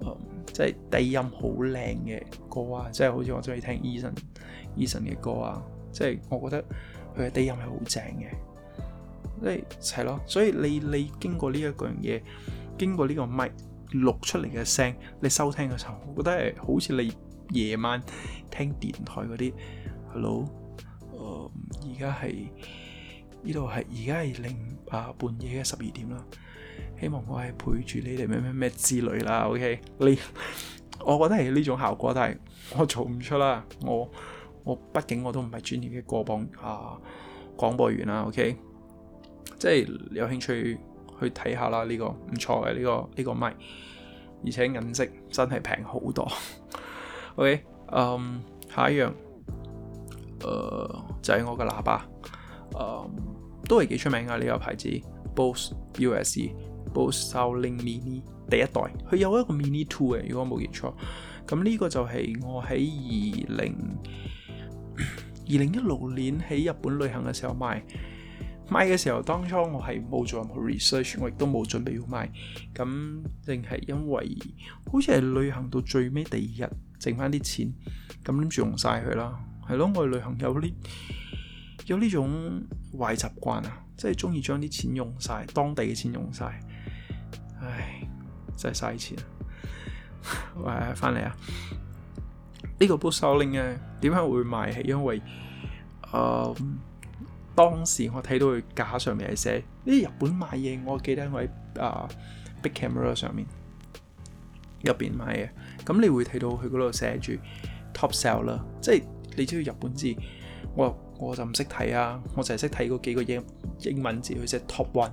嗯，即係低音好靚嘅歌啊。即係好似我中意聽 Eason Eason 嘅歌啊。即係我覺得佢嘅低音係好正嘅。即係咯，所以你你經過呢一樣嘢，經過呢個麥錄出嚟嘅聲音，你收聽嘅時候，我覺得係好似你。夜晚聽電台嗰啲，Hello，而家係呢度係而家係零啊半夜嘅十二點啦。希望我係陪住你哋咩咩咩之類啦。OK，呢，我覺得係呢種效果，但係我做唔出啦。我我畢竟我都唔係專業嘅過磅啊廣播員啦。OK，即係有興趣去睇下啦、這個。呢、這個唔錯嘅，呢、這個呢個咪，而且銀色真係平好多。O.K.、嗯、下一樣，誒、呃，就係、是、我嘅喇叭，都係幾出名啊！呢、這個牌子 Bose US Bose SoundLink Mini 第一代，佢有一個 Mini Two 嘅，如果冇記錯，咁呢個就係我喺二零二零一六年喺日本旅行嘅時候買，買嘅時候當初我係冇做任何 research，我亦都冇準備要買，咁淨係因為好似係旅行到最尾第二日。剩翻啲錢，咁諗住用晒佢啦，係咯。我哋旅行有呢有呢種壞習慣啊，即係中意將啲錢用晒，當地嘅錢用晒。唉，真係嘥錢啊。喂， <laughs> 翻嚟啊！呢個 Bose Soundlink 啊，點解會賣？係因為，嗯、呃，當時我睇到佢架上面係寫，呢日本買嘢，我記得我喺啊、呃、Big Camera 上面入邊買嘢。咁你會睇到佢嗰度寫住 top sell 啦，即係你知日本字，我我就唔識睇啊，我淨係識睇嗰幾個英英文字，佢寫 top one，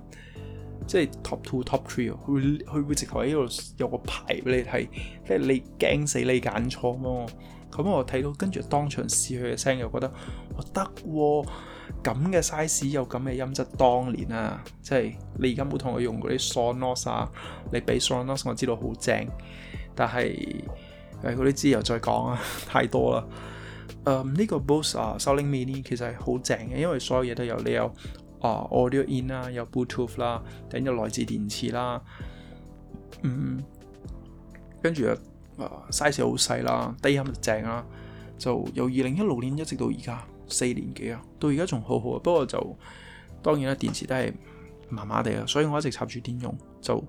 即係 top two、top three。佢佢會直頭喺度有個牌俾你睇，即係你驚死你揀錯咯。咁我睇到跟住當場試佢嘅聲，又覺得我得喎，啊，咁嘅 size 有咁嘅音質，當年啊，即係你而家冇同我用嗰啲 Sonos 啊，你俾 Sonos 我知道好正。但係誒嗰啲之後再講啊，太多啦。誒、嗯、呢、呢個 Bose 啊 Soundlink 咧，Mini，其實係好正嘅，因為所有嘢都有你有啊 audio in 啦，有 Bluetooth 啦、啊，等有內置電池啦、啊。嗯，跟住啊 size 好細啦，低、啊、音、um、正啦、啊，就由二零一六年一直到而家四年幾啊，到而家仲好好啊。不過就當然啦，電池都係麻麻地啊，所以我一直插住電用，就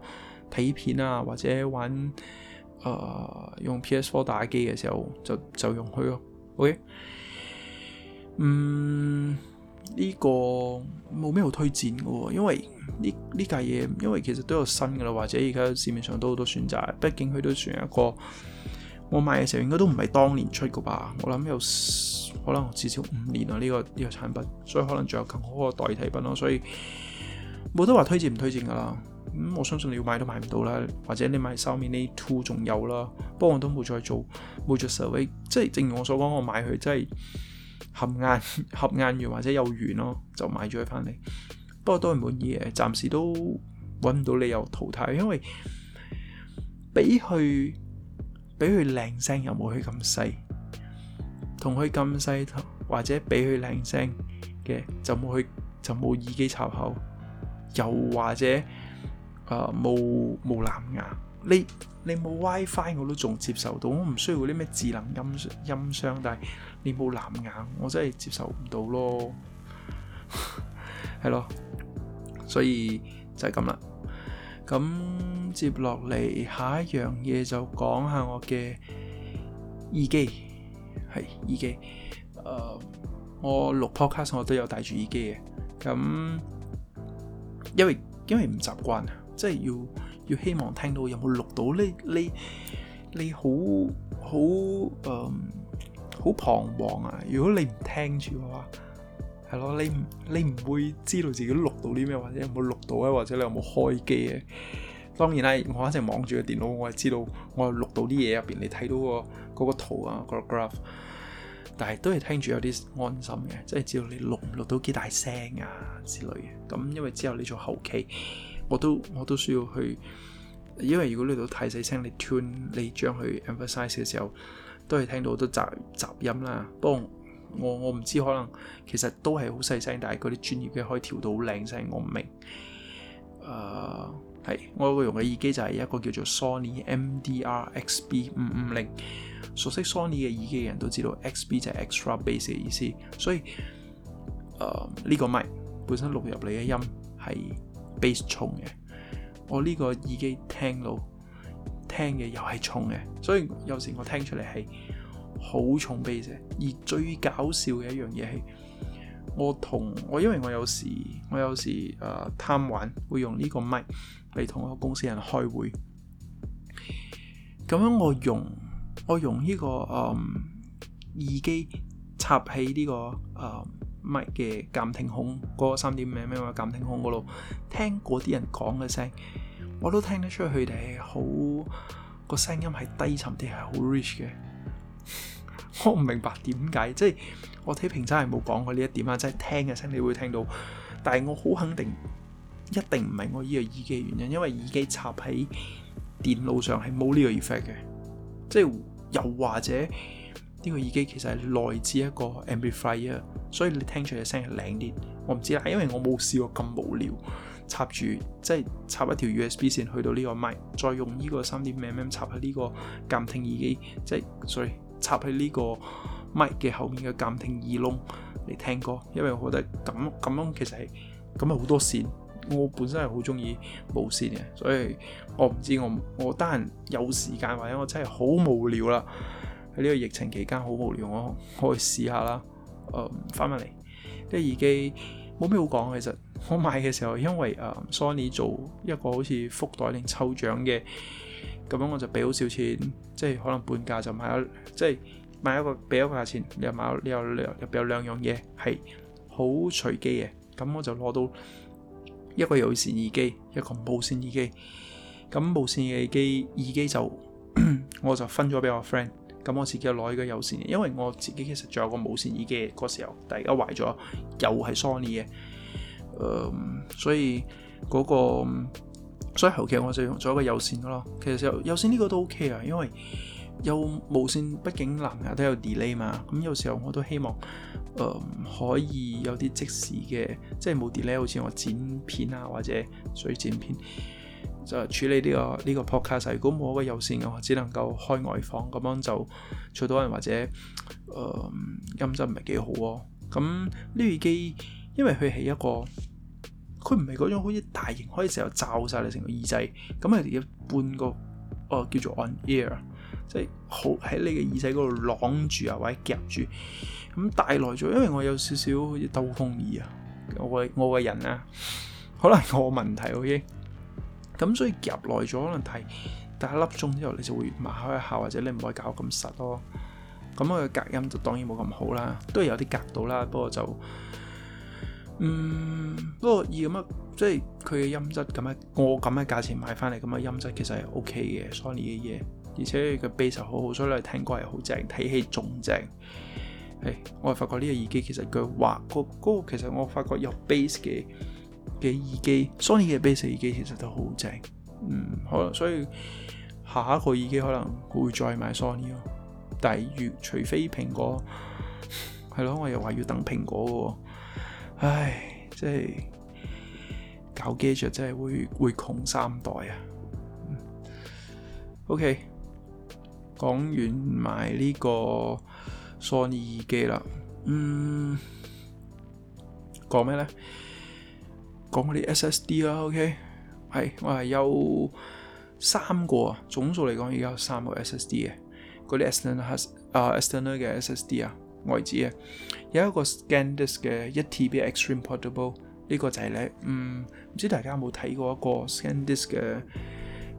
睇片啊或者玩。誒，uh, 用 P.S. Four 打機嘅時候就就用佢咯，OK？嗯，呢、這個冇咩好推薦嘅，因為呢呢架嘢，因為其實都有新噶啦，或者而家市面上都好多選擇，畢竟佢都算一個我賣嘅時候應該都唔係當年出噶吧？我諗有可能至少五年啊呢、這個呢、這個產品，所以可能仲有更好嘅代替品咯，所以冇得話推薦唔推薦噶啦。咁、嗯、我相信，信你要買都買唔到啦，或者你買小米 A2 仲有啦，不過我都冇再做冇做即係正如我所講，我買佢真係合眼合眼緣或者有緣咯，就買咗佢翻嚟。不過都係滿意嘅，暫時都搵唔到理由淘汰，因為俾佢俾佢靚聲又冇佢咁細，同佢咁細或者俾佢靚聲嘅就冇佢就冇耳機插口，又或者。誒，冇冇、呃、藍牙，你你冇 WiFi 我都仲接受到，我唔需要嗰啲咩智能音音箱。但係你冇藍牙，我真係接受唔到咯，係 <laughs> 咯，所以就係咁啦。咁接落嚟，下一樣嘢就講下我嘅耳機，係耳機。誒、呃，我錄 podcast 我都有戴住耳機嘅，咁因為因為唔習慣啊。即係要要希望聽到有冇錄到呢？你呢好好誒、嗯、好彷徨啊！如果你唔聽住嘅話，係咯，你你唔會知道自己錄到啲咩，或者有冇錄到啊，或者你有冇開機啊？當然啦，我一直望住個電腦，我係知道我係錄到啲嘢入邊，你睇到個、嗰個圖啊，嗰個 graph，但係都係聽住有啲安心嘅，即係知道你錄唔錄到幾大聲啊之類嘅。咁因為之後你做後期。我都我都需要去，因為如果你度太細聲，你 tune 你將佢 emphasize 嘅時候，都係聽到好多雜雜音啦。不過我我唔知道可能其實都係好細聲，但係嗰啲專業嘅可以調到好靚聲，我唔明。誒、uh,，係我有個用嘅耳機就係一個叫做 Sony MDR XB 550, 熟悉 Sony 嘅耳機嘅人都知道 XB 就係 extra bass 嘅意思，所以誒呢、uh, 個麥本身錄入嚟嘅音係。base 重嘅，我呢個耳機聽到聽嘅又係重嘅，所以有時我聽出嚟係好重 base。而最搞笑嘅一樣嘢係，我同我因為我有時我有時誒貪、呃、玩會用呢個麥嚟同我公司人開會，咁樣我用我用呢、這個誒、嗯、耳機插起呢、這個誒。嗯唔係嘅監聽孔，嗰個三點五咩咩話監聽孔嗰度，聽嗰啲人講嘅聲，我都聽得出佢哋好個聲音係低沉啲，係好 rich 嘅。我唔明白點解，即係我睇評測係冇講過呢一點啊！即係聽嘅聲你會聽到，但係我好肯定，一定唔係我呢個耳機嘅原因，因為耳機插喺電腦上係冇呢個 effect 嘅，即係又或者。呢個耳機其實係來自一個 amplifier，所以你聽出嚟嘅聲係靚啲。我唔知啦，因為我冇試過咁無聊，插住即係插一條 USB 線去到呢個麥，再用呢個三點五 mm 插喺呢個監聽耳機，即係所以插喺呢個麥嘅後面嘅監聽耳窿嚟聽歌。因為我覺得咁咁樣，咁樣其實係咁係好多線，我本身係好中意無線嘅，所以我唔知道我我得閒有時間或者我真係好無聊啦。喺呢個疫情期間好無聊，我我去試下啦。誒、嗯，翻翻嚟呢耳機冇咩好講。其實我買嘅時候，因為誒 Sony、呃、做一個好似福袋定抽獎嘅咁樣，我就俾好少錢，即係可能半價就買咗，即、就、係、是、買一個俾一個價錢。你又買，你又，又，有有又兩入邊有兩樣嘢係好隨機嘅。咁我就攞到一個有線耳機，一個無線耳機。咁無線耳機耳機就 <coughs> 我就分咗俾我 friend。咁我自己攞嘅有線嘅，因為我自己其實仲有個無線耳機，嗰時候大家壞咗，又係 Sony 嘅，誒、嗯，所以嗰、那個，所以後期我就用咗個有線嘅咯。其實有有線呢個都 OK 啊，因為有無線畢竟藍牙都有 delay 嘛。咁有時候我都希望誒、嗯、可以有啲即時嘅，即係冇 delay，好似我剪片啊或者水剪片，就處理呢、這個呢、這個 podcast，如果冇一個有線嘅話，只能夠開外放，咁樣就最到人或者誒、呃、音質唔係幾好、啊。咁呢耳機，因為佢係一個，佢唔係嗰種好似大型可以成日罩晒你成個耳仔，咁係要半個哦、呃、叫做 on ear，即係好喺你嘅耳仔嗰度擋住啊或者夾住，咁帶來咗。因為我有少少好似兜風耳啊，我嘅我嘅人啊，可能我嘅問題，OK。咁所以夾耐咗，可能提一粒鍾之後，你就會麻開下，或者你唔可以搞咁實咯。咁佢隔音就當然冇咁好啦，都係有啲隔到啦。不過就，嗯，不過以咁樣，即係佢嘅音質咁樣，我咁嘅價錢買翻嚟咁嘅音質，其實係 O K 嘅 Sony 嘅嘢，而且佢 bass 好好，所以你聽歌係好正，睇戲仲正。我係發覺呢個耳機其實佢畫、嗰個歌，嗰個、其實我發覺有 bass 嘅。嘅耳機，Sony 嘅 Bass 耳機其實都好正，嗯，好，所以下一個耳機可能會再買 Sony 咯，但係如除非蘋果，係咯，我又話要等蘋果嘅，唉，即係搞 gear 真係會會窮三代啊，嗯，OK，講完買呢個 Sony 耳機啦，嗯，講咩呢？講嗰啲 SSD 啦，OK，係我係有三個啊，總數嚟講而家有三個 SSD 嘅，嗰啲 external external 嘅 SSD 啊，外置嘅，有一個 SanDisk 嘅 1TB Extreme Portable 呢個仔、就、咧、係，唔、嗯、知大家有冇睇過一個 SanDisk 嘅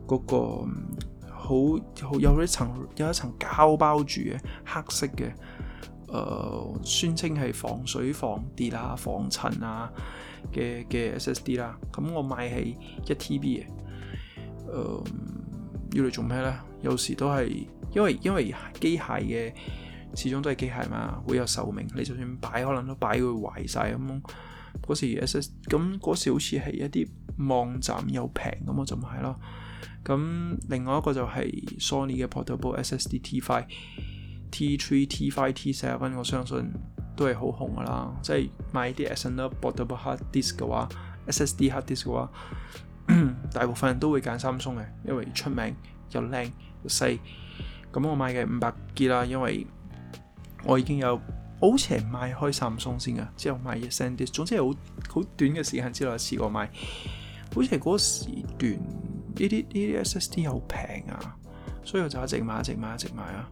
嗰、嗰個好有有一層有一層膠包住嘅黑色嘅。誒、呃、宣稱係防水、防跌啊、防塵啊嘅嘅 SSD 啦，咁我買係一 TB 嘅。要嚟做咩呢？有時都係因為因為機械嘅始終都係機械嘛，會有壽命。你就算擺，可能都擺會壞晒。咁。嗰時 SS 咁嗰時好似係一啲網站又平咁，我就買咯。咁另外一個就係 Sony 嘅 Portable SSD T5。T 三、T 五、T 七，我相信都係好紅噶啦。即係買啲 external portable hard disk 嘅話，SSD hard disk 嘅話，大部分人都會揀三松嘅，因為出名又靚又細。咁我買嘅五百 G 啦，因為我已經有好似係買開三松先嘅，之後買一 SanDisk，總之係好好短嘅時間之內試過買，好似係嗰時段呢啲呢啲 SSD 又平啊，所以我就一直買，一直買，一直買，一直買啊。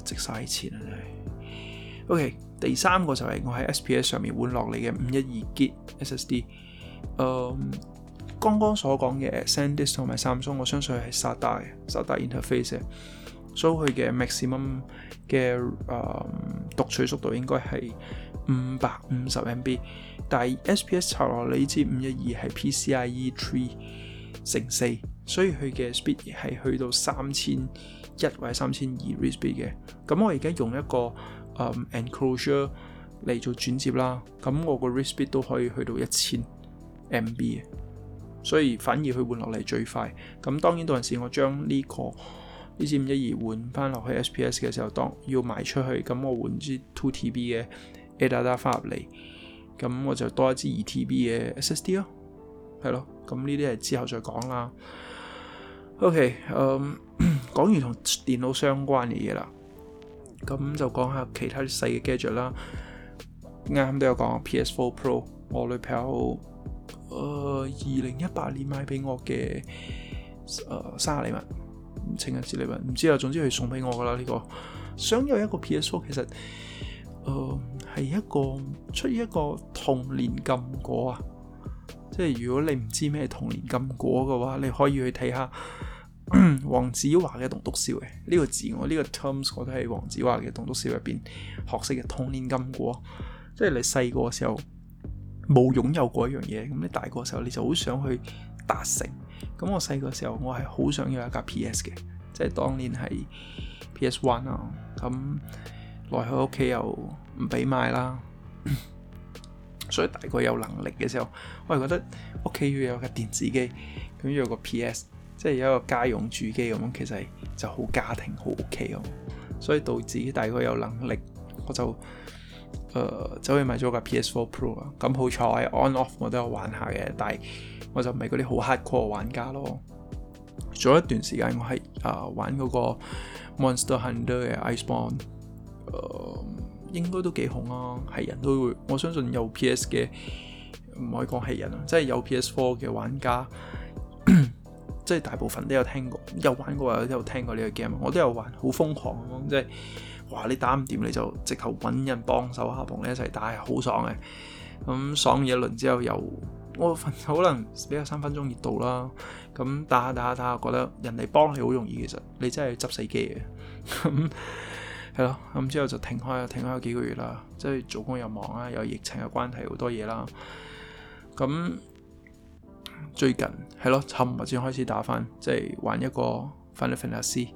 誒值晒錢啊！OK，第三個就係我喺 XPS 上面換落嚟嘅五一二 G S.S.D。誒、嗯，剛剛所講嘅 SanDisk 同埋三星，我相信係 SATA 嘅 SATA interface 嘅，所以佢嘅 maximum 嘅誒、嗯、讀取速度應該係五百五十 M.B。但係 XPS 插落嚟呢支五一二係 P.C.I.E 三乘四，所以佢嘅 speed 係去到三千一或者三千二 risp 嘅，咁、mm, 我而家用一個、嗯、enclosure 嚟做轉接啦，咁我個 risp 都可以去到一千 MB 所以反而佢換落嚟最快。咁當然到陣時我將呢、這個呢支五一二換翻落去 XPS 嘅時候，當要賣出去，咁我換支 two TB 嘅 ADATA 翻入嚟，咁我就多一支二 TB 嘅 SSD 咯，係咯，咁呢啲係之後再講啦。O.K. 嗯、um，講 <coughs> 完同電腦相關嘅嘢啦，咁就講下其他細嘅 Gadget 啦。啱啱都有講 PS4 Pro，我女朋友二零一八年買俾我嘅誒生日禮物，情人節禮物，唔知啊。總之佢送俾我噶啦呢、呢個。想有一個 PS4 其實誒係、呃、一個出於一個童年禁果啊。即係如果你唔知咩童年禁果嘅話，你可以去睇下。黃 <coughs> 子華嘅棟篤笑嘅呢個字，我呢個 terms 我都係黃子華嘅棟篤笑入邊學識嘅童年金果，即係你細個嘅時候冇擁有過一樣嘢，咁你大個嘅時候你就好想去達成。咁我細個嘅時候我係好想要一架 PS 嘅，即係當年係 PS One 啊，咁奈何屋企又唔俾買啦。所以大個有能力嘅時候，我係覺得屋企要有架電視機，咁要有個 PS。即係有一個家用主機咁樣，其實就好家庭好 OK 咯，所以導致大概有能力，我就誒走去買咗個 PS4 Pro 啦。咁好彩 On Off 我都有玩下嘅，但係我就唔係嗰啲好 hardcore 玩家咯。仲有一段時間，我係啊、呃、玩嗰個 Monster Hunter 嘅 Iceborne，誒、呃、應該都幾紅啊，係人都會我相信有 PS 嘅唔可以講係人啊，即係有 PS4 嘅玩家。 <coughs> 即係大部分都有聽過，有玩過，又有聽過呢個 game，我都有玩，好瘋狂啊！即係，哇！你打唔掂，你就直頭揾人幫手啊，同你一齊打，係好爽嘅。咁、嗯、爽完一輪之後又，又我可能比較三分鐘熱度啦。咁打下打下打下，覺得人哋幫係好容易，其實你真係要執死機嘅。咁係咯，咁、嗯、之後就停開，停開了幾個月啦。即係做工又忙啊，有疫情嘅關係好多嘢啦。咁、嗯。最近係咯，尋日先開始打翻，即係玩一個 Final Fantasy，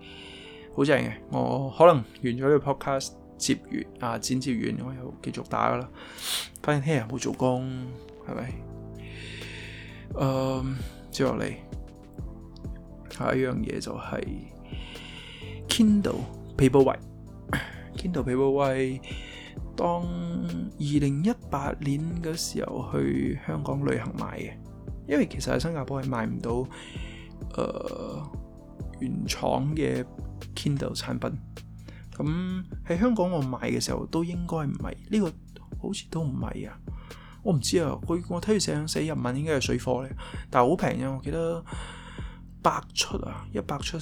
好正嘅。我可能完咗呢個 podcast 接完啊，剪接完我又繼續打噶啦。反正聽日冇做工，係咪？嗯，接落嚟，下一樣嘢就係 Kindle Paperwhite，Kindle Paperwhite，當二零一八年嗰時候去香港旅行買嘅。因為其實喺新加坡係買唔到誒、呃、原廠嘅 Kindle 產品，咁喺香港我買嘅時候都應該唔係呢個，好似都唔係啊！我唔知啊，佢我睇住寫寫日文應該係水貨嚟，但係好平啊。我記得百出啊，一百出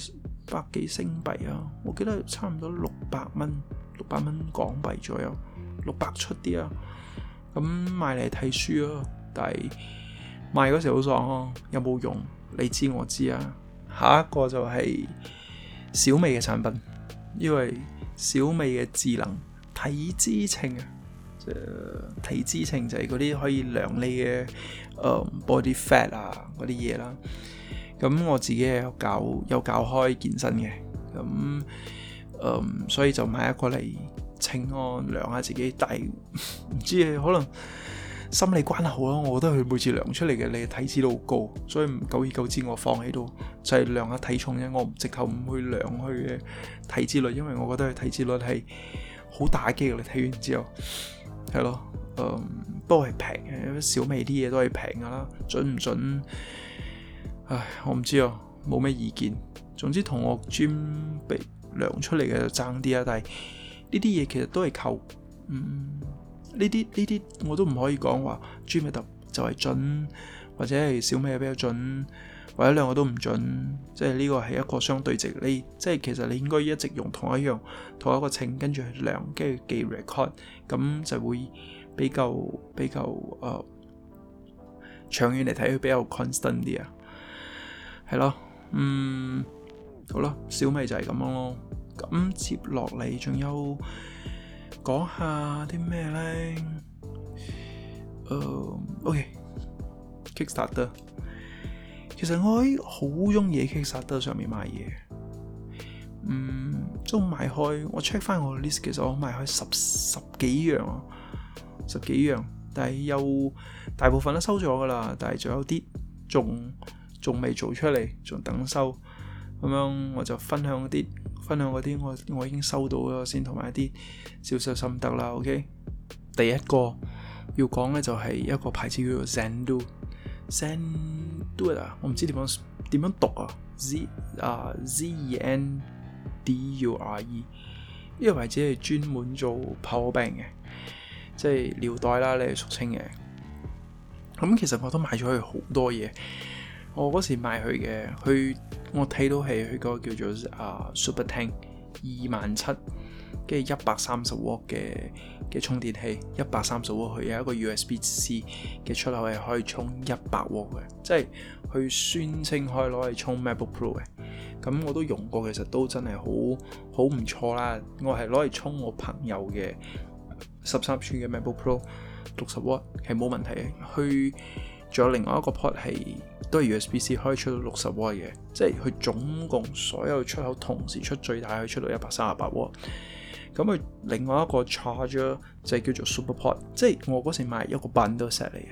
百幾星幣啊，我記得差唔多六百蚊，六百蚊港幣左右，六百出啲啊，咁買嚟睇書啊，但係。買嗰時好爽啊，有冇用？你知我知啊。下一個就係小米嘅產品，因為小米嘅智能體脂秤啊，即體脂秤就係嗰啲可以量你嘅，誒 body fat 啊嗰啲嘢啦。咁我自己有教有教開健身嘅，咁，嗯，所以就買一個嚟稱咯，量下自己。但係唔知可能。心理關係好咯，我覺得佢每次量出嚟嘅你嘅體脂都好高，所以唔久而久之我放喺度就係、是、量下體重啫，我唔直頭唔去量佢嘅體脂率，因為我覺得佢體脂率係好打擊嘅，你睇完之後係咯，不過係平，小米啲嘢都係平㗎啦，準唔準？唉，我唔知啊，冇咩意見。總之同我 gym 比量出嚟嘅就爭啲啊，但係呢啲嘢其實都係靠，嗯。呢啲呢啲我都唔可以講話，Gm 就係準，或者係小米比較準，或者兩個都唔準，即係呢個係一個相對值的。呢即係其實你應該一直用同一樣同一個秤，跟住去量，跟住記 record，咁就會比較比較誒、呃、長遠嚟睇，佢比較 constant 啲啊。係咯，嗯，好啦，小米就係咁樣咯。咁接落嚟仲有。講下啲咩呢？Uh, o, okay, Kickstarter。其實我好中意 Kickstarter 上面買嘢，嗯，都買開。我 check 翻我 list，其實我買開十十幾樣，十幾樣，但係又大部分都收咗噶啦，但係仲有啲仲仲未做出嚟，仲等收。咁樣我就分享啲。分享嗰啲我我已經收到咗先，同埋一啲小小心得啦。OK，第一個要講嘅就係一個牌子叫做 Zendure，Zendure 啊，我唔知點樣點樣讀啊，Z 啊、uh, Zendure，呢個牌子係專門做 Power Bank 嘅，即係尿袋啦，你係俗稱嘅。咁其實我都買咗佢好多嘢。我嗰時買佢嘅，佢我睇到係佢個叫做啊 SuperTank 二萬七，跟住一百三十瓦嘅嘅充電器，一百三十瓦佢有一個 USB C 嘅出口係可以充一百瓦嘅，即係佢宣稱可以攞嚟充 MacBook Pro 嘅。咁我都用過，其實都真係好好唔錯啦。我係攞嚟充我朋友嘅十三寸嘅 MacBook Pro 六十瓦係冇問題嘅，佢。仲有另外一個 port 係，都係 USB C 可以出到六十瓦嘅，即係佢總共所有出口同時出最大可以出到一百三十八瓦。咁佢另外一個 charger 就係叫做 SuperPort，即係我嗰時買一個 bundle set 嚟嘅。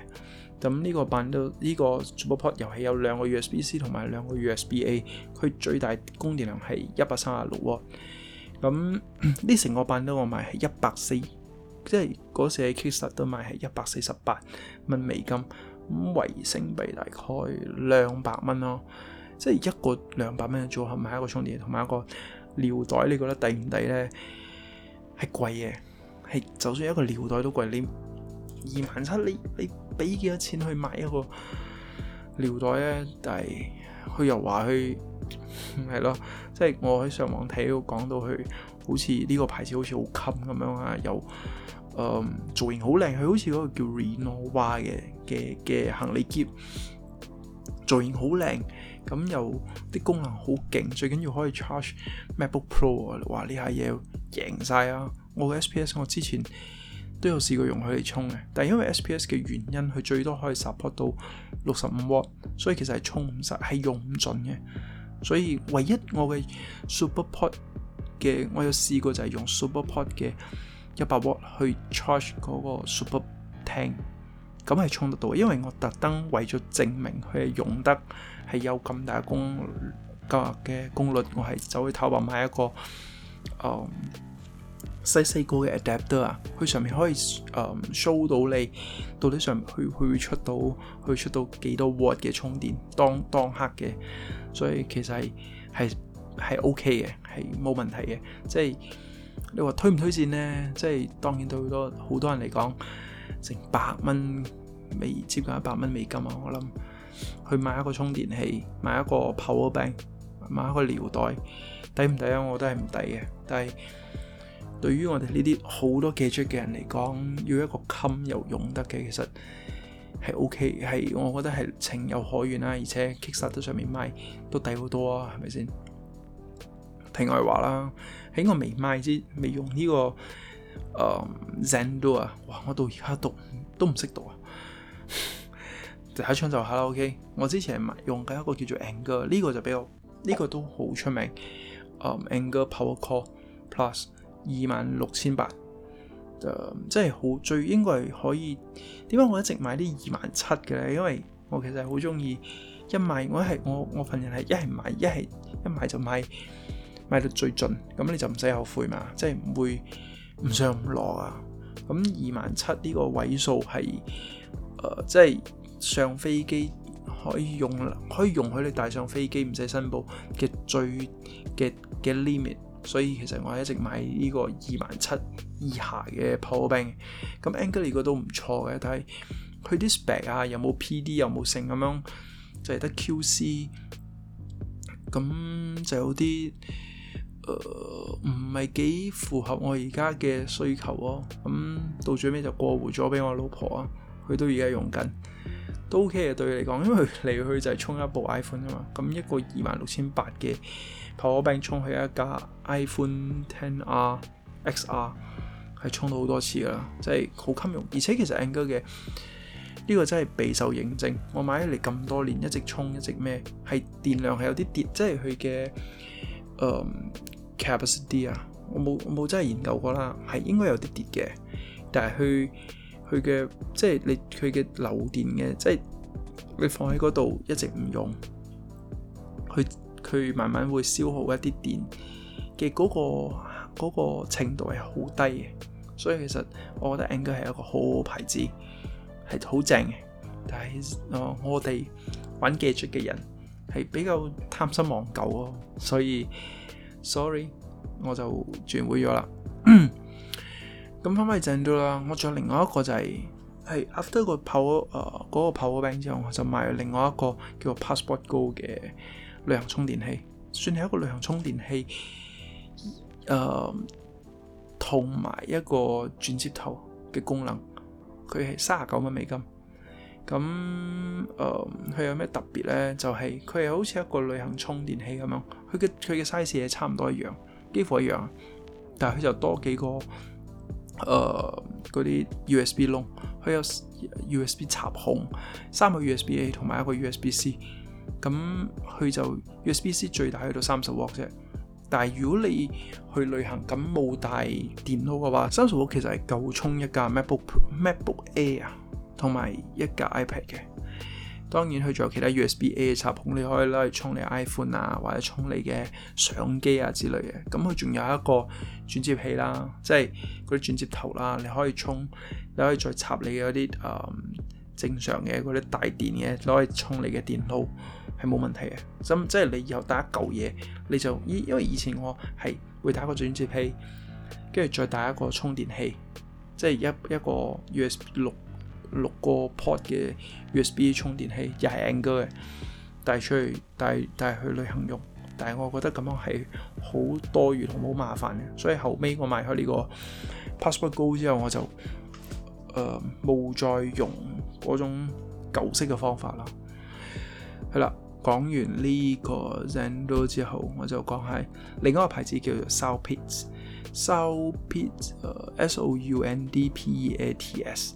咁呢個 bundle，呢個 SuperPort 遊戲有兩個 USB C 同埋兩個 USB A，佢最大供電量係一百三十六瓦。咁呢成個 bundle 我買係一百四，即係嗰時喺 Kickstarter 都買係一百四十八蚊美金。咁維生幣大概兩百蚊咯，即、就、係、是、一個兩百蚊嘅組合，買一個充電同埋一個尿袋，你覺得抵唔抵呢？係貴嘅，係就算一個尿袋都貴，你二萬七，你你俾幾多錢去買一個尿袋呢？但係佢又話佢係咯，即 <laughs> 係、就是、我喺上網睇到講到佢好似呢個牌子好似好襟咁樣啊，有。嗯、um，造型好靚，佢好似嗰個叫 Renova 嘅嘅嘅行李喼，造型好靚，咁又啲功能好勁，最緊要可以 charge MacBook Pro 啊，哇呢下嘢贏晒啊！我嘅 S P S 我之前都有試過用佢嚟充嘅，但係因為 S P S 嘅原因，佢最多可以 support 到六十五 W，所以其實係充唔實，係用唔盡嘅。所以唯一我嘅 SuperPort 嘅，我有試過就係用 SuperPort 嘅。一百 w 瓦去 charge 嗰個 Super Tank，咁係充得到，因為我特登為咗證明佢係用得係有咁大功率嘅功率，我係走去淘寶買一個細細個嘅 adapter 啊，佢、嗯、上面可以誒、嗯、show 到你到底上面去去出到去出到幾多 w 瓦嘅充電當當刻嘅，所以其實係係 OK 嘅，係冇問題嘅，即係。你話推唔推薦呢？即係當然對好多好多人嚟講，成百蚊美接近一百蚊美金啊！我諗去買一個充電器，買一個 power bank，買一個尿袋，抵唔抵啊？我覺得係唔抵嘅。但係對於我哋呢啲好多嘅出嘅人嚟講，要一個襟又用得嘅，其實係 OK，係我覺得係情有可原啦、啊。而且 Kickstarter 都上面賣，都抵好多啊，係咪先？題外話啦，喺我未買之前未用呢、這個誒 Zendure 啊，哇！我到而家讀都唔識讀啊， <laughs> 第一槍就喺將就下啦。O K，我之前用緊嘅一個叫做 Anker，呢個就比較呢、這個都好出名。嗯、Anker Power Core Plus 二萬六千八，誒、嗯，即係好最應該係可以。點解我一直買啲二萬七嘅咧？因為我其實係好中意一買，我係我我份人係一係買一係一買就買。買到最盡，咁你就唔使後悔嘛，即係唔會唔上唔落啊。咁二萬七呢個位數係，呃，即係上飛機可以用，可以容許你帶上飛機唔使申報嘅最嘅嘅 limit。所以其實我係一直買呢個二萬七以下嘅 power bank。咁 Anker 個都唔錯嘅，但係佢啲 spec 啊，有冇 PD，有冇剩咁樣，就係得 QC。咁就有啲。誒，唔係幾符合我而家嘅需求咯、啊。咁、嗯、到最尾就過戶咗俾我老婆啊，佢都而家用緊，都 OK 嘅對佢嚟講，因為嚟去就係充一部 iPhone 啊嘛。咁一個二萬六千八嘅破冰充起一架 iPhone Ten R XR，係充咗好多次噶啦，即係好襟用。而且其實 Anker 嘅呢、這個真係備受認證，我買咗嚟咁多年一直充一直咩，係電量係有啲跌，即係佢嘅 c a 啊，我冇我冇真係研究過啦，係應該有啲跌嘅。但係佢佢嘅即係你佢嘅漏電嘅，即係你，你放喺嗰度一直唔用，佢佢慢慢會消耗一啲電嘅嗰，那個那個程度係好低嘅。所以其實我覺得應該係一個好好牌子，係好正嘅。但係、哦、我哋玩技出嘅人係比較貪心忘舊咯，所以。sorry，我就轉會咗啦。咁翻翻正到啦，我仲有另外一個就係係 after 個 power 誒嗰個 power bank 之後，我就買咗另外一個叫做 Passport Go 嘅旅行充電器，算係一個旅行充電器誒，同埋一個轉接頭嘅功能，佢係三十九蚊美金。咁，誒，佢、呃、有咩特別咧？就係佢係好似一個旅行充電器咁樣，佢嘅佢嘅 size 係差唔多一樣，幾乎一樣，但係佢就多幾個誒嗰啲 USB 窿，佢、呃、US 有 USB 插孔，三個 USB A 同埋一個 USB C US。咁佢就 USB C 最大去到三十瓦啫。但係如果你去旅行咁冇帶電腦嘅話，三十瓦其實係夠充一架 MacBook MacBook Air 啊。同埋一架 iPad 嘅，當然佢仲有其他 USB-A 嘅插孔，你可以攞去充你 iPhone 啊，或者充你嘅相機啊之類嘅。咁佢仲有一個轉接器啦，即係啲轉接頭啦，你可以充，你可以再插你嗰啲誒正常嘅啲大電嘅攞去充你嘅電腦係冇問題嘅。咁即係你以後打一嚿嘢，你就咦，因為以前我係會打一個轉接器，跟住再打一個充電器，即係一一個 USB 六。六個 port 嘅 USB 充電器又係 Anker 嘅，帶出去帶帶去旅行用，但係我覺得咁樣係好多餘同好麻煩嘅，所以後尾我買開呢個 Passport Go 之後，我就誒冇、呃、再用嗰種舊式嘅方法啦。係啦，講完呢個 Zendure 之後，我就講係另一個牌子叫做 Soundpeats Soundpeats 誒 S O U N D P E A T S。O u n D p A t s,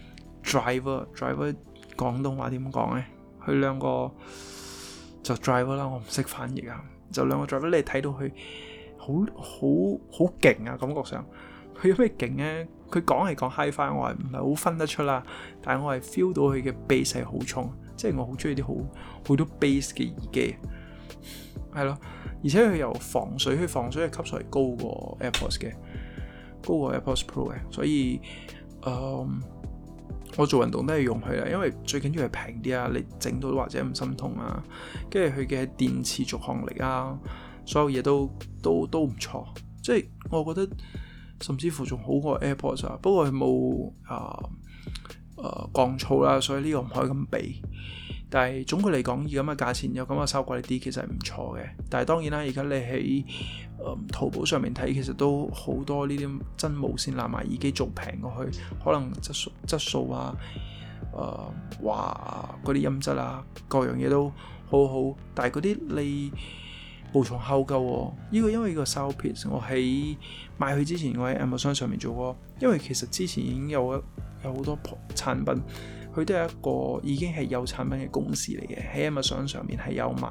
driver，driver，driver，廣東話點講咧？佢兩個就 driver 啦，我唔識翻譯啊。就兩個 driver，你睇到佢好好好勁啊，感覺上佢有咩勁咧？佢講係講 Hi-Fi，我係唔係好分得出啦？但係我係 feel 到佢嘅 bass 係好重，即係我好中意啲好好多 bass 嘅耳機，係咯。而且佢又防水，佢防水嘅級數係高過 AirPods 嘅，高過 AirPods Pro 嘅。所以，嗯、um。我做運動都係用佢啦，因為最緊要係平啲啊，你整到或者唔心痛啊，跟住佢嘅電池續航力啊，所有嘢都都都唔錯，即係我覺得甚至乎仲好過 AirPods 啊，不過佢冇啊啊降噪啦、啊，所以呢個唔可以咁比。但係總括嚟講，以咁嘅價錢有咁嘅收穫啲，其實係唔錯嘅。但係當然啦，而家你喺、嗯、淘寶上面睇，其實都好多呢啲真無線藍牙耳機仲平過去可能質素質素啊，誒話嗰啲音質啊，各樣嘢都好好。但係嗰啲你無從考究喎。呢個因為呢個 Soundpeats 我喺買佢之前，我喺 Amazon 上面做過，因為其實之前已經有有好多 product 產品。佢都係一個已經係有產品嘅公司嚟嘅，喺 Amazon 上面係有賣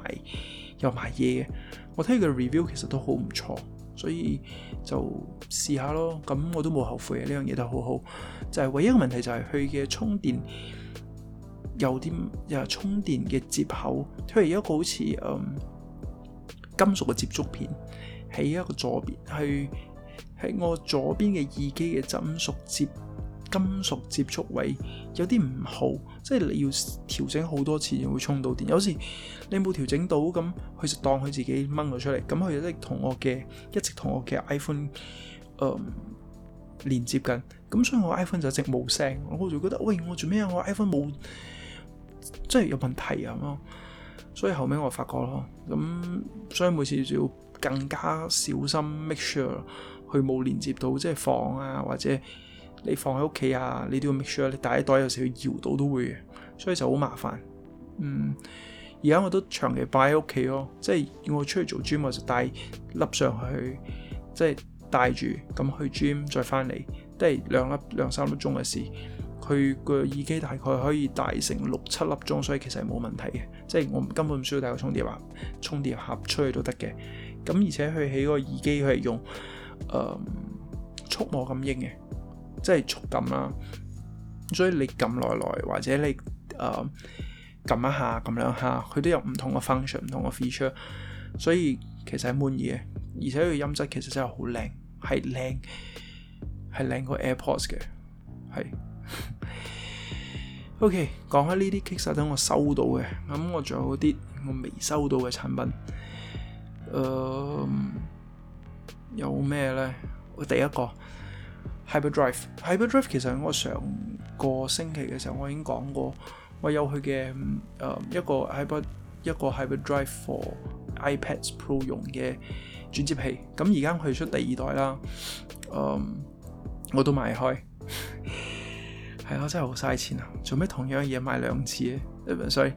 有賣嘢嘅。我睇佢嘅 review 其實都好唔錯，所以就試一下咯。咁我都冇後悔嘅，呢樣嘢都好好。就係、是、唯一個問題就係佢嘅充電有啲又係充電嘅接口，譬如一個好似嗯金屬嘅接觸片喺一個左邊，喺喺我左邊嘅耳機嘅針屬接。金屬接觸位有啲唔好，即係你要調整好多次，會充到電。有時你冇調整到，咁佢就當佢自己掹咗出嚟。咁佢一直同我嘅一直同我嘅 iPhone，嗯，連接緊。咁所以我 iPhone 就一直冇聲。我就覺得喂，我做咩啊？我 iPhone 冇，即係有問題啊咁。所以後尾我就發覺咯，咁所以每次就要更加小心，make sure 佢冇連接到，即係放啊或者。你放喺屋企啊，你都要 make sure 你戴一袋，有時要搖到都會嘅，所以就好麻煩。嗯，而家我都長期擺喺屋企咯，即係我出去做 gym 我就戴粒上去，即係戴住咁去 gym 再翻嚟，都係兩粒兩三粒鐘嘅事。佢個耳機大概可以戴成六七粒鐘，所以其實冇問題嘅。即係我根本唔需要帶個充電盒，充電盒出去都得嘅。咁而且佢起個耳機佢係用誒、嗯、觸摸咁應嘅。即係觸感啦，所以你撳來來，或者你誒撳，呃、一下撳兩下，佢都有唔同嘅 function，唔同嘅 feature，所以其實係滿意嘅，而且佢音質其實真係好靚，係靚係靚過 AirPods 嘅，係。 <laughs> OK，講開呢啲，Kickstarter 等我收到嘅，咁我仲有啲我未收到嘅產品，呃、有咩呢？我第一個。HyperDrive，HyperDrive Hyper 其實我上個星期嘅時候我已經講過，我有佢嘅、嗯、一個 Hyper 一個 HyperDrive for iPads Pro 用嘅轉接器，咁而家佢出第二代啦、嗯，我都買開，係 <laughs> 啊、哎、真係好嘥錢啊！做咩同樣嘢買兩次？所以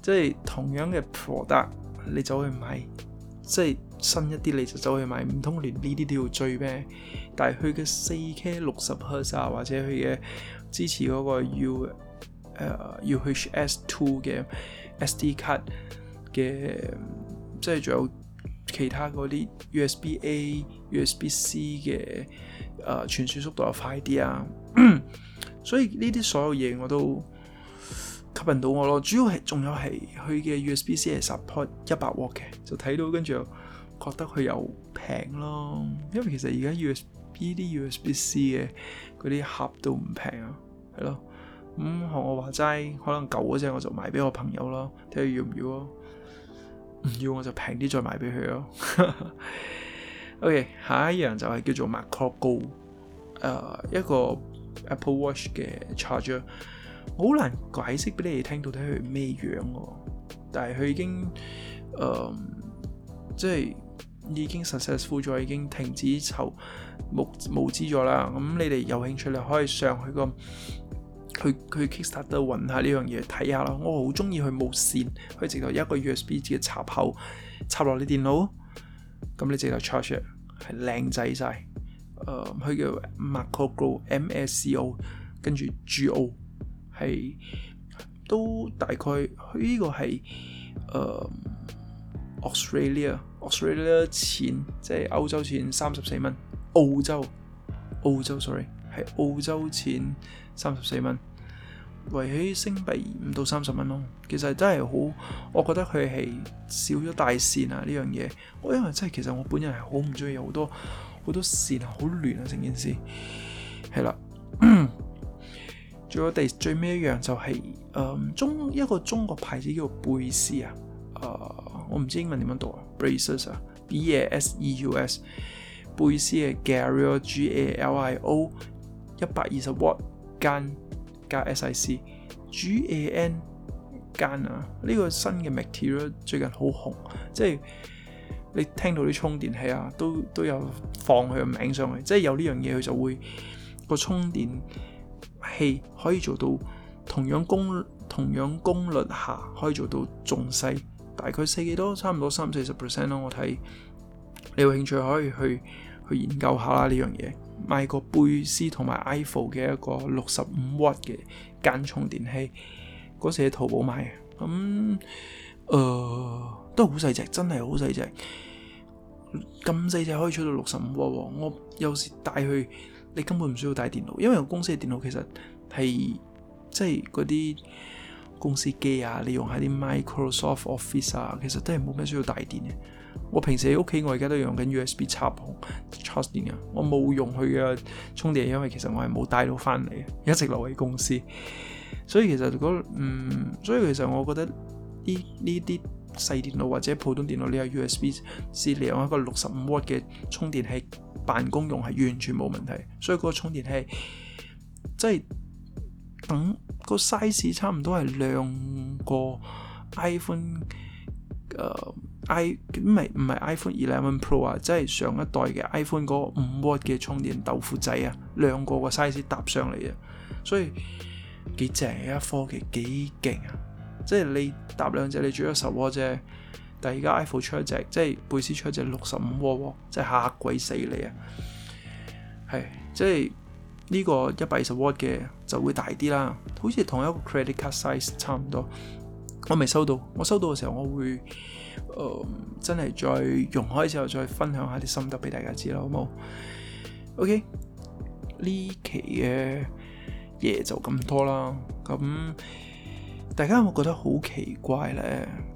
即係同樣嘅 product，你走去買，即係新一啲你就走去買，唔通連呢啲都要追咩？但係佢嘅四 K 六十 Hz 啊，或者佢嘅支持嗰個 U 誒、uh, UHS Two 嘅 SD c 卡嘅，即係仲有其他嗰啲 US USB A、USB C 嘅誒傳輸速度又快啲啊， <coughs> 所以呢啲所有嘢我都吸引到我咯。主要係仲有係佢嘅 USB C 係 support 一百瓦嘅，就睇到跟住又覺得佢又平咯。因為其實而家 USB 呢啲 USB C 嘅嗰啲盒都唔平啊，係咯，咁、嗯、我話齋可能舊嗰隻我就賣俾我朋友咯，睇下要唔要咯、啊，唔要我就平啲再賣俾佢咯。 <laughs> OK，下一樣就係叫做 Maco Go，誒、uh,，一個 Apple Watch 嘅 charger 我好難解釋俾你哋聽到底佢咩樣嘅、啊，但係佢已經誒、嗯，即係已經 successful 咗，已經停止籌。無無資助啦，咁你哋有興趣咧，可以上去個去去 Kickstarter 度揾下呢樣嘢睇下咯。我好中意佢無線，可以直頭一個 USB 嘅插口插落你電腦，咁你直頭 charge，係靚仔晒。誒、呃，佢叫 Maco Go MSCO，跟住 GO 係都大概佢呢個係誒、呃、Australia，Australia 錢即係歐洲錢三十四蚊，澳洲，澳洲 sorry 係澳洲錢三十四蚊，維起星幣唔到三十蚊咯。其實真係好，我覺得佢係少咗大線啊呢樣嘢。我、這個、因為真係，其實我本人係好唔中意有好多好多線很亂啊，好亂啊，成件事係啦。仲有第最尾一樣就係、是、誒、呃、中一個中國牌子叫倍思啊，誒、呃、我唔知英文點樣讀，braces 啊，b a s e u s。E u s, 貝斯嘅 GALIO r i o, w, g a N, g 一百二十瓦間加 SIC，GAN 間啊。呢個新嘅 material 最近好紅，即係你聽到啲充電器啊，都都有放佢嘅名上去，即係有呢樣嘢，佢就會個充電器可以做到同樣功同樣功率下可以做到仲細，大概細幾多？差唔多三四十 percent 咯，我睇。你有興趣可以去去研究下啦，呢樣嘢。買個貝斯同埋 iPhone 嘅一個六十五瓦嘅間充電器，嗰時喺淘寶買嘅，咁誒、嗯呃、都好細隻，真係好細隻。咁細隻可以出到六十五瓦喎。我有時帶去，你根本唔需要帶電腦，因為我公司嘅電腦其實係即係嗰啲公司機啊，你用下啲 Microsoft Office 啊，其實都係冇咩需要帶電嘅。我平時喺屋企，我而家都用緊 USB 插盤插電啊！我冇用佢嘅充電，因為其實我係冇帶到翻嚟，一直留喺公司。所以其實嗰、那個、嗯，所以其實我覺得呢呢啲細電腦或者普通電腦，你係 USB 是利用一個六十五瓦嘅充電器，辦公用係完全冇問題。所以嗰個充電器即係等個 size 差唔多係兩個 iPhone、呃 i 唔係唔係 iPhone Eleven Pro 啊，即係上一代嘅 iPhone 嗰個五 d 嘅充電豆腐仔啊，兩個個 size 搭上嚟啊，所以幾正啊，科技幾勁啊，即係你搭兩隻你最咗十瓦啫，但係而家 iPhone 出一隻，即係貝斯出一隻六十五瓦，瓦即係吓鬼死你啊，係即係呢、這個一百二十 Word 嘅就會大啲啦，好似同一個 credit card size 差唔多。我未收到，我收到嘅時候我會，誒、呃，真係再用開之後再分享一下啲心得俾大家知啦，好冇？O K，呢期嘅嘢就咁多啦。咁大家有冇覺得好奇怪呢？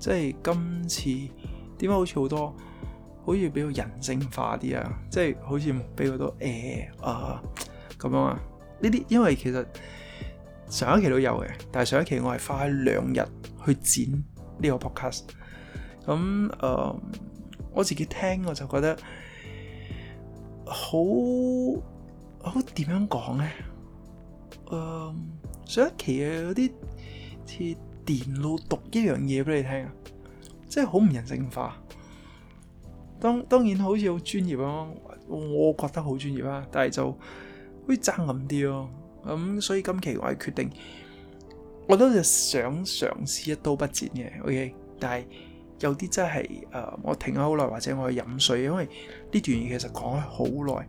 即、就、係、是、今次點解好似好多好似比較人性化啲啊？即、就、係、是、好似比較多誒、欸、啊咁啊嘛？呢啲因為其實上一期都有嘅，但係上一期我係快兩日。去剪呢個 podcast，咁誒、嗯嗯，我自己聽我就覺得好好點樣講呢、嗯？上一期有啲似電腦讀一樣嘢俾你聽啊，即係好唔人性化。當當然好似好專業咯、啊，我覺得好專業啦、啊，但係就好似爭咁啲咯。咁、嗯、所以今期我係決定。我都想嘗試一刀不剪嘅，OK，但係有啲真係、呃、我停咗好耐，或者我去飲水，因為呢段其實講咗好耐。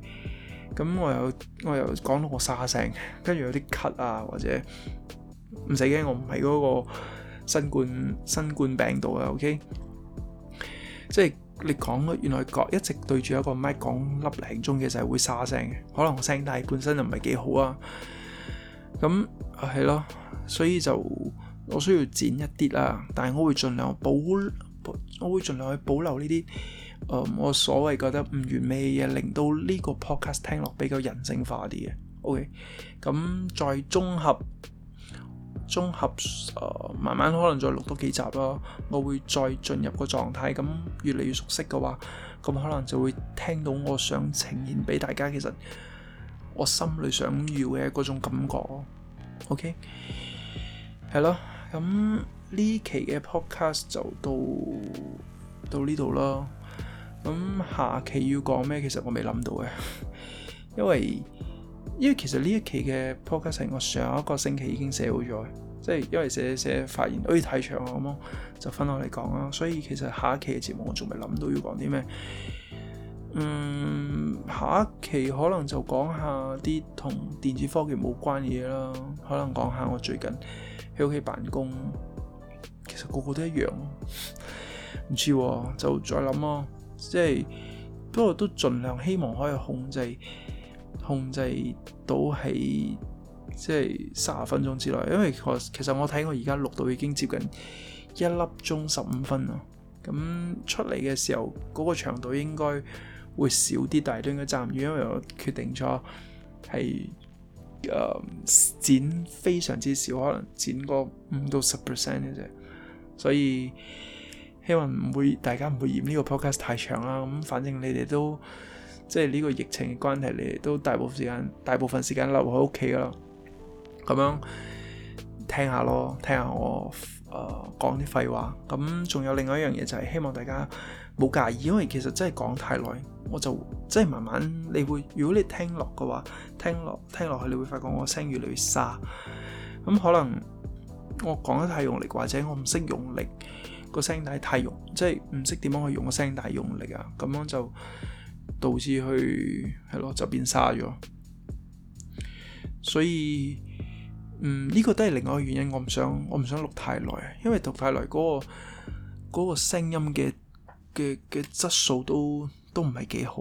咁我又我又講到我沙聲，跟住有啲咳啊，或者唔使驚，我唔係嗰個新冠新冠病毒啊。OK，即係你講原來一直對住一個麥講粒零鐘嘅時候會沙聲，可能我聲帶本身就唔係幾好啊。咁係咯。對。所以就我需要剪一啲啦，但係我會盡量保，保，我會盡量去保留呢啲，誒、呃，我所謂覺得唔完美嘅嘢，令到呢個 podcast 聽落比較人性化啲嘅。OK，咁再綜合、綜合誒、呃，慢慢可能再錄多幾集啦。我會再進入個狀態，咁越嚟越熟悉嘅話，咁可能就會聽到我想呈現俾大家，其實我心裏想要嘅嗰種感覺。OK。係咯，咁呢期嘅 podcast 就到到呢度啦。咁下期要講咩？其實我未諗到嘅，因為因為其實呢一期嘅 podcast 我上一個星期已經寫好咗，即係因為寫寫發現好，哎，太長咁咯，就分開嚟講啦。所以其實下一期嘅節目我仲未諗到要講啲咩。嗯，下一期可能就講下啲同電子科技冇關嘅嘢啦，可能講下我最近。喺屋企辦公，其實個個都一樣，唔知就再諗咯。即係不過都盡量希望可以控制控制到喺即係三十分鐘之內，因為我其實我睇我而家錄到已經接近一粒鐘十五分啦。咁出嚟嘅時候，嗰個長度應該會少啲，但係都應該站住，因為我決定咗係。誒，um, 剪非常之少，可能剪個五到十 percent 嘅啫，所以希望唔會大家唔會嫌呢個 podcast 太長啦。咁反正你哋都即係呢個疫情嘅關係，你哋都大部分時間大部分時間留喺屋企㗎喇，咁樣聽下咯，聽下，聽下我誒講啲廢話。咁仲有另外一樣嘢就係希望大家，冇介意，因為其實真係講太耐，我就真係、即係、慢慢你會，如果你聽落嘅話，聽落聽落去你會發覺我聲越嚟越沙。咁可能我講得太用力，或者我唔識用力、個聲帶太用，即係唔識點樣去用個聲帶用力啊，咁樣就導致去係咯，就變沙咗。所以，嗯，呢、呢個都係另外一個原因。我唔想我唔想錄太耐，因為錄太耐嗰、嗰個、嗰個聲音嘅。嘅嘅質素都都唔係幾好，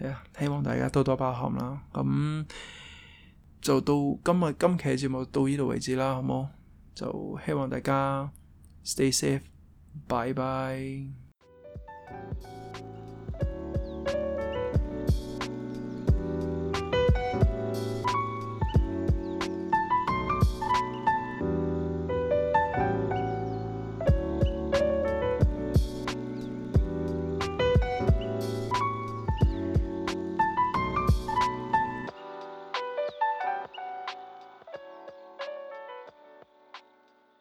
係啊！希望大家多多包涵啦。咁就到今日今期嘅節目到呢度為止啦，好冇？就希望大家 stay safe，拜拜。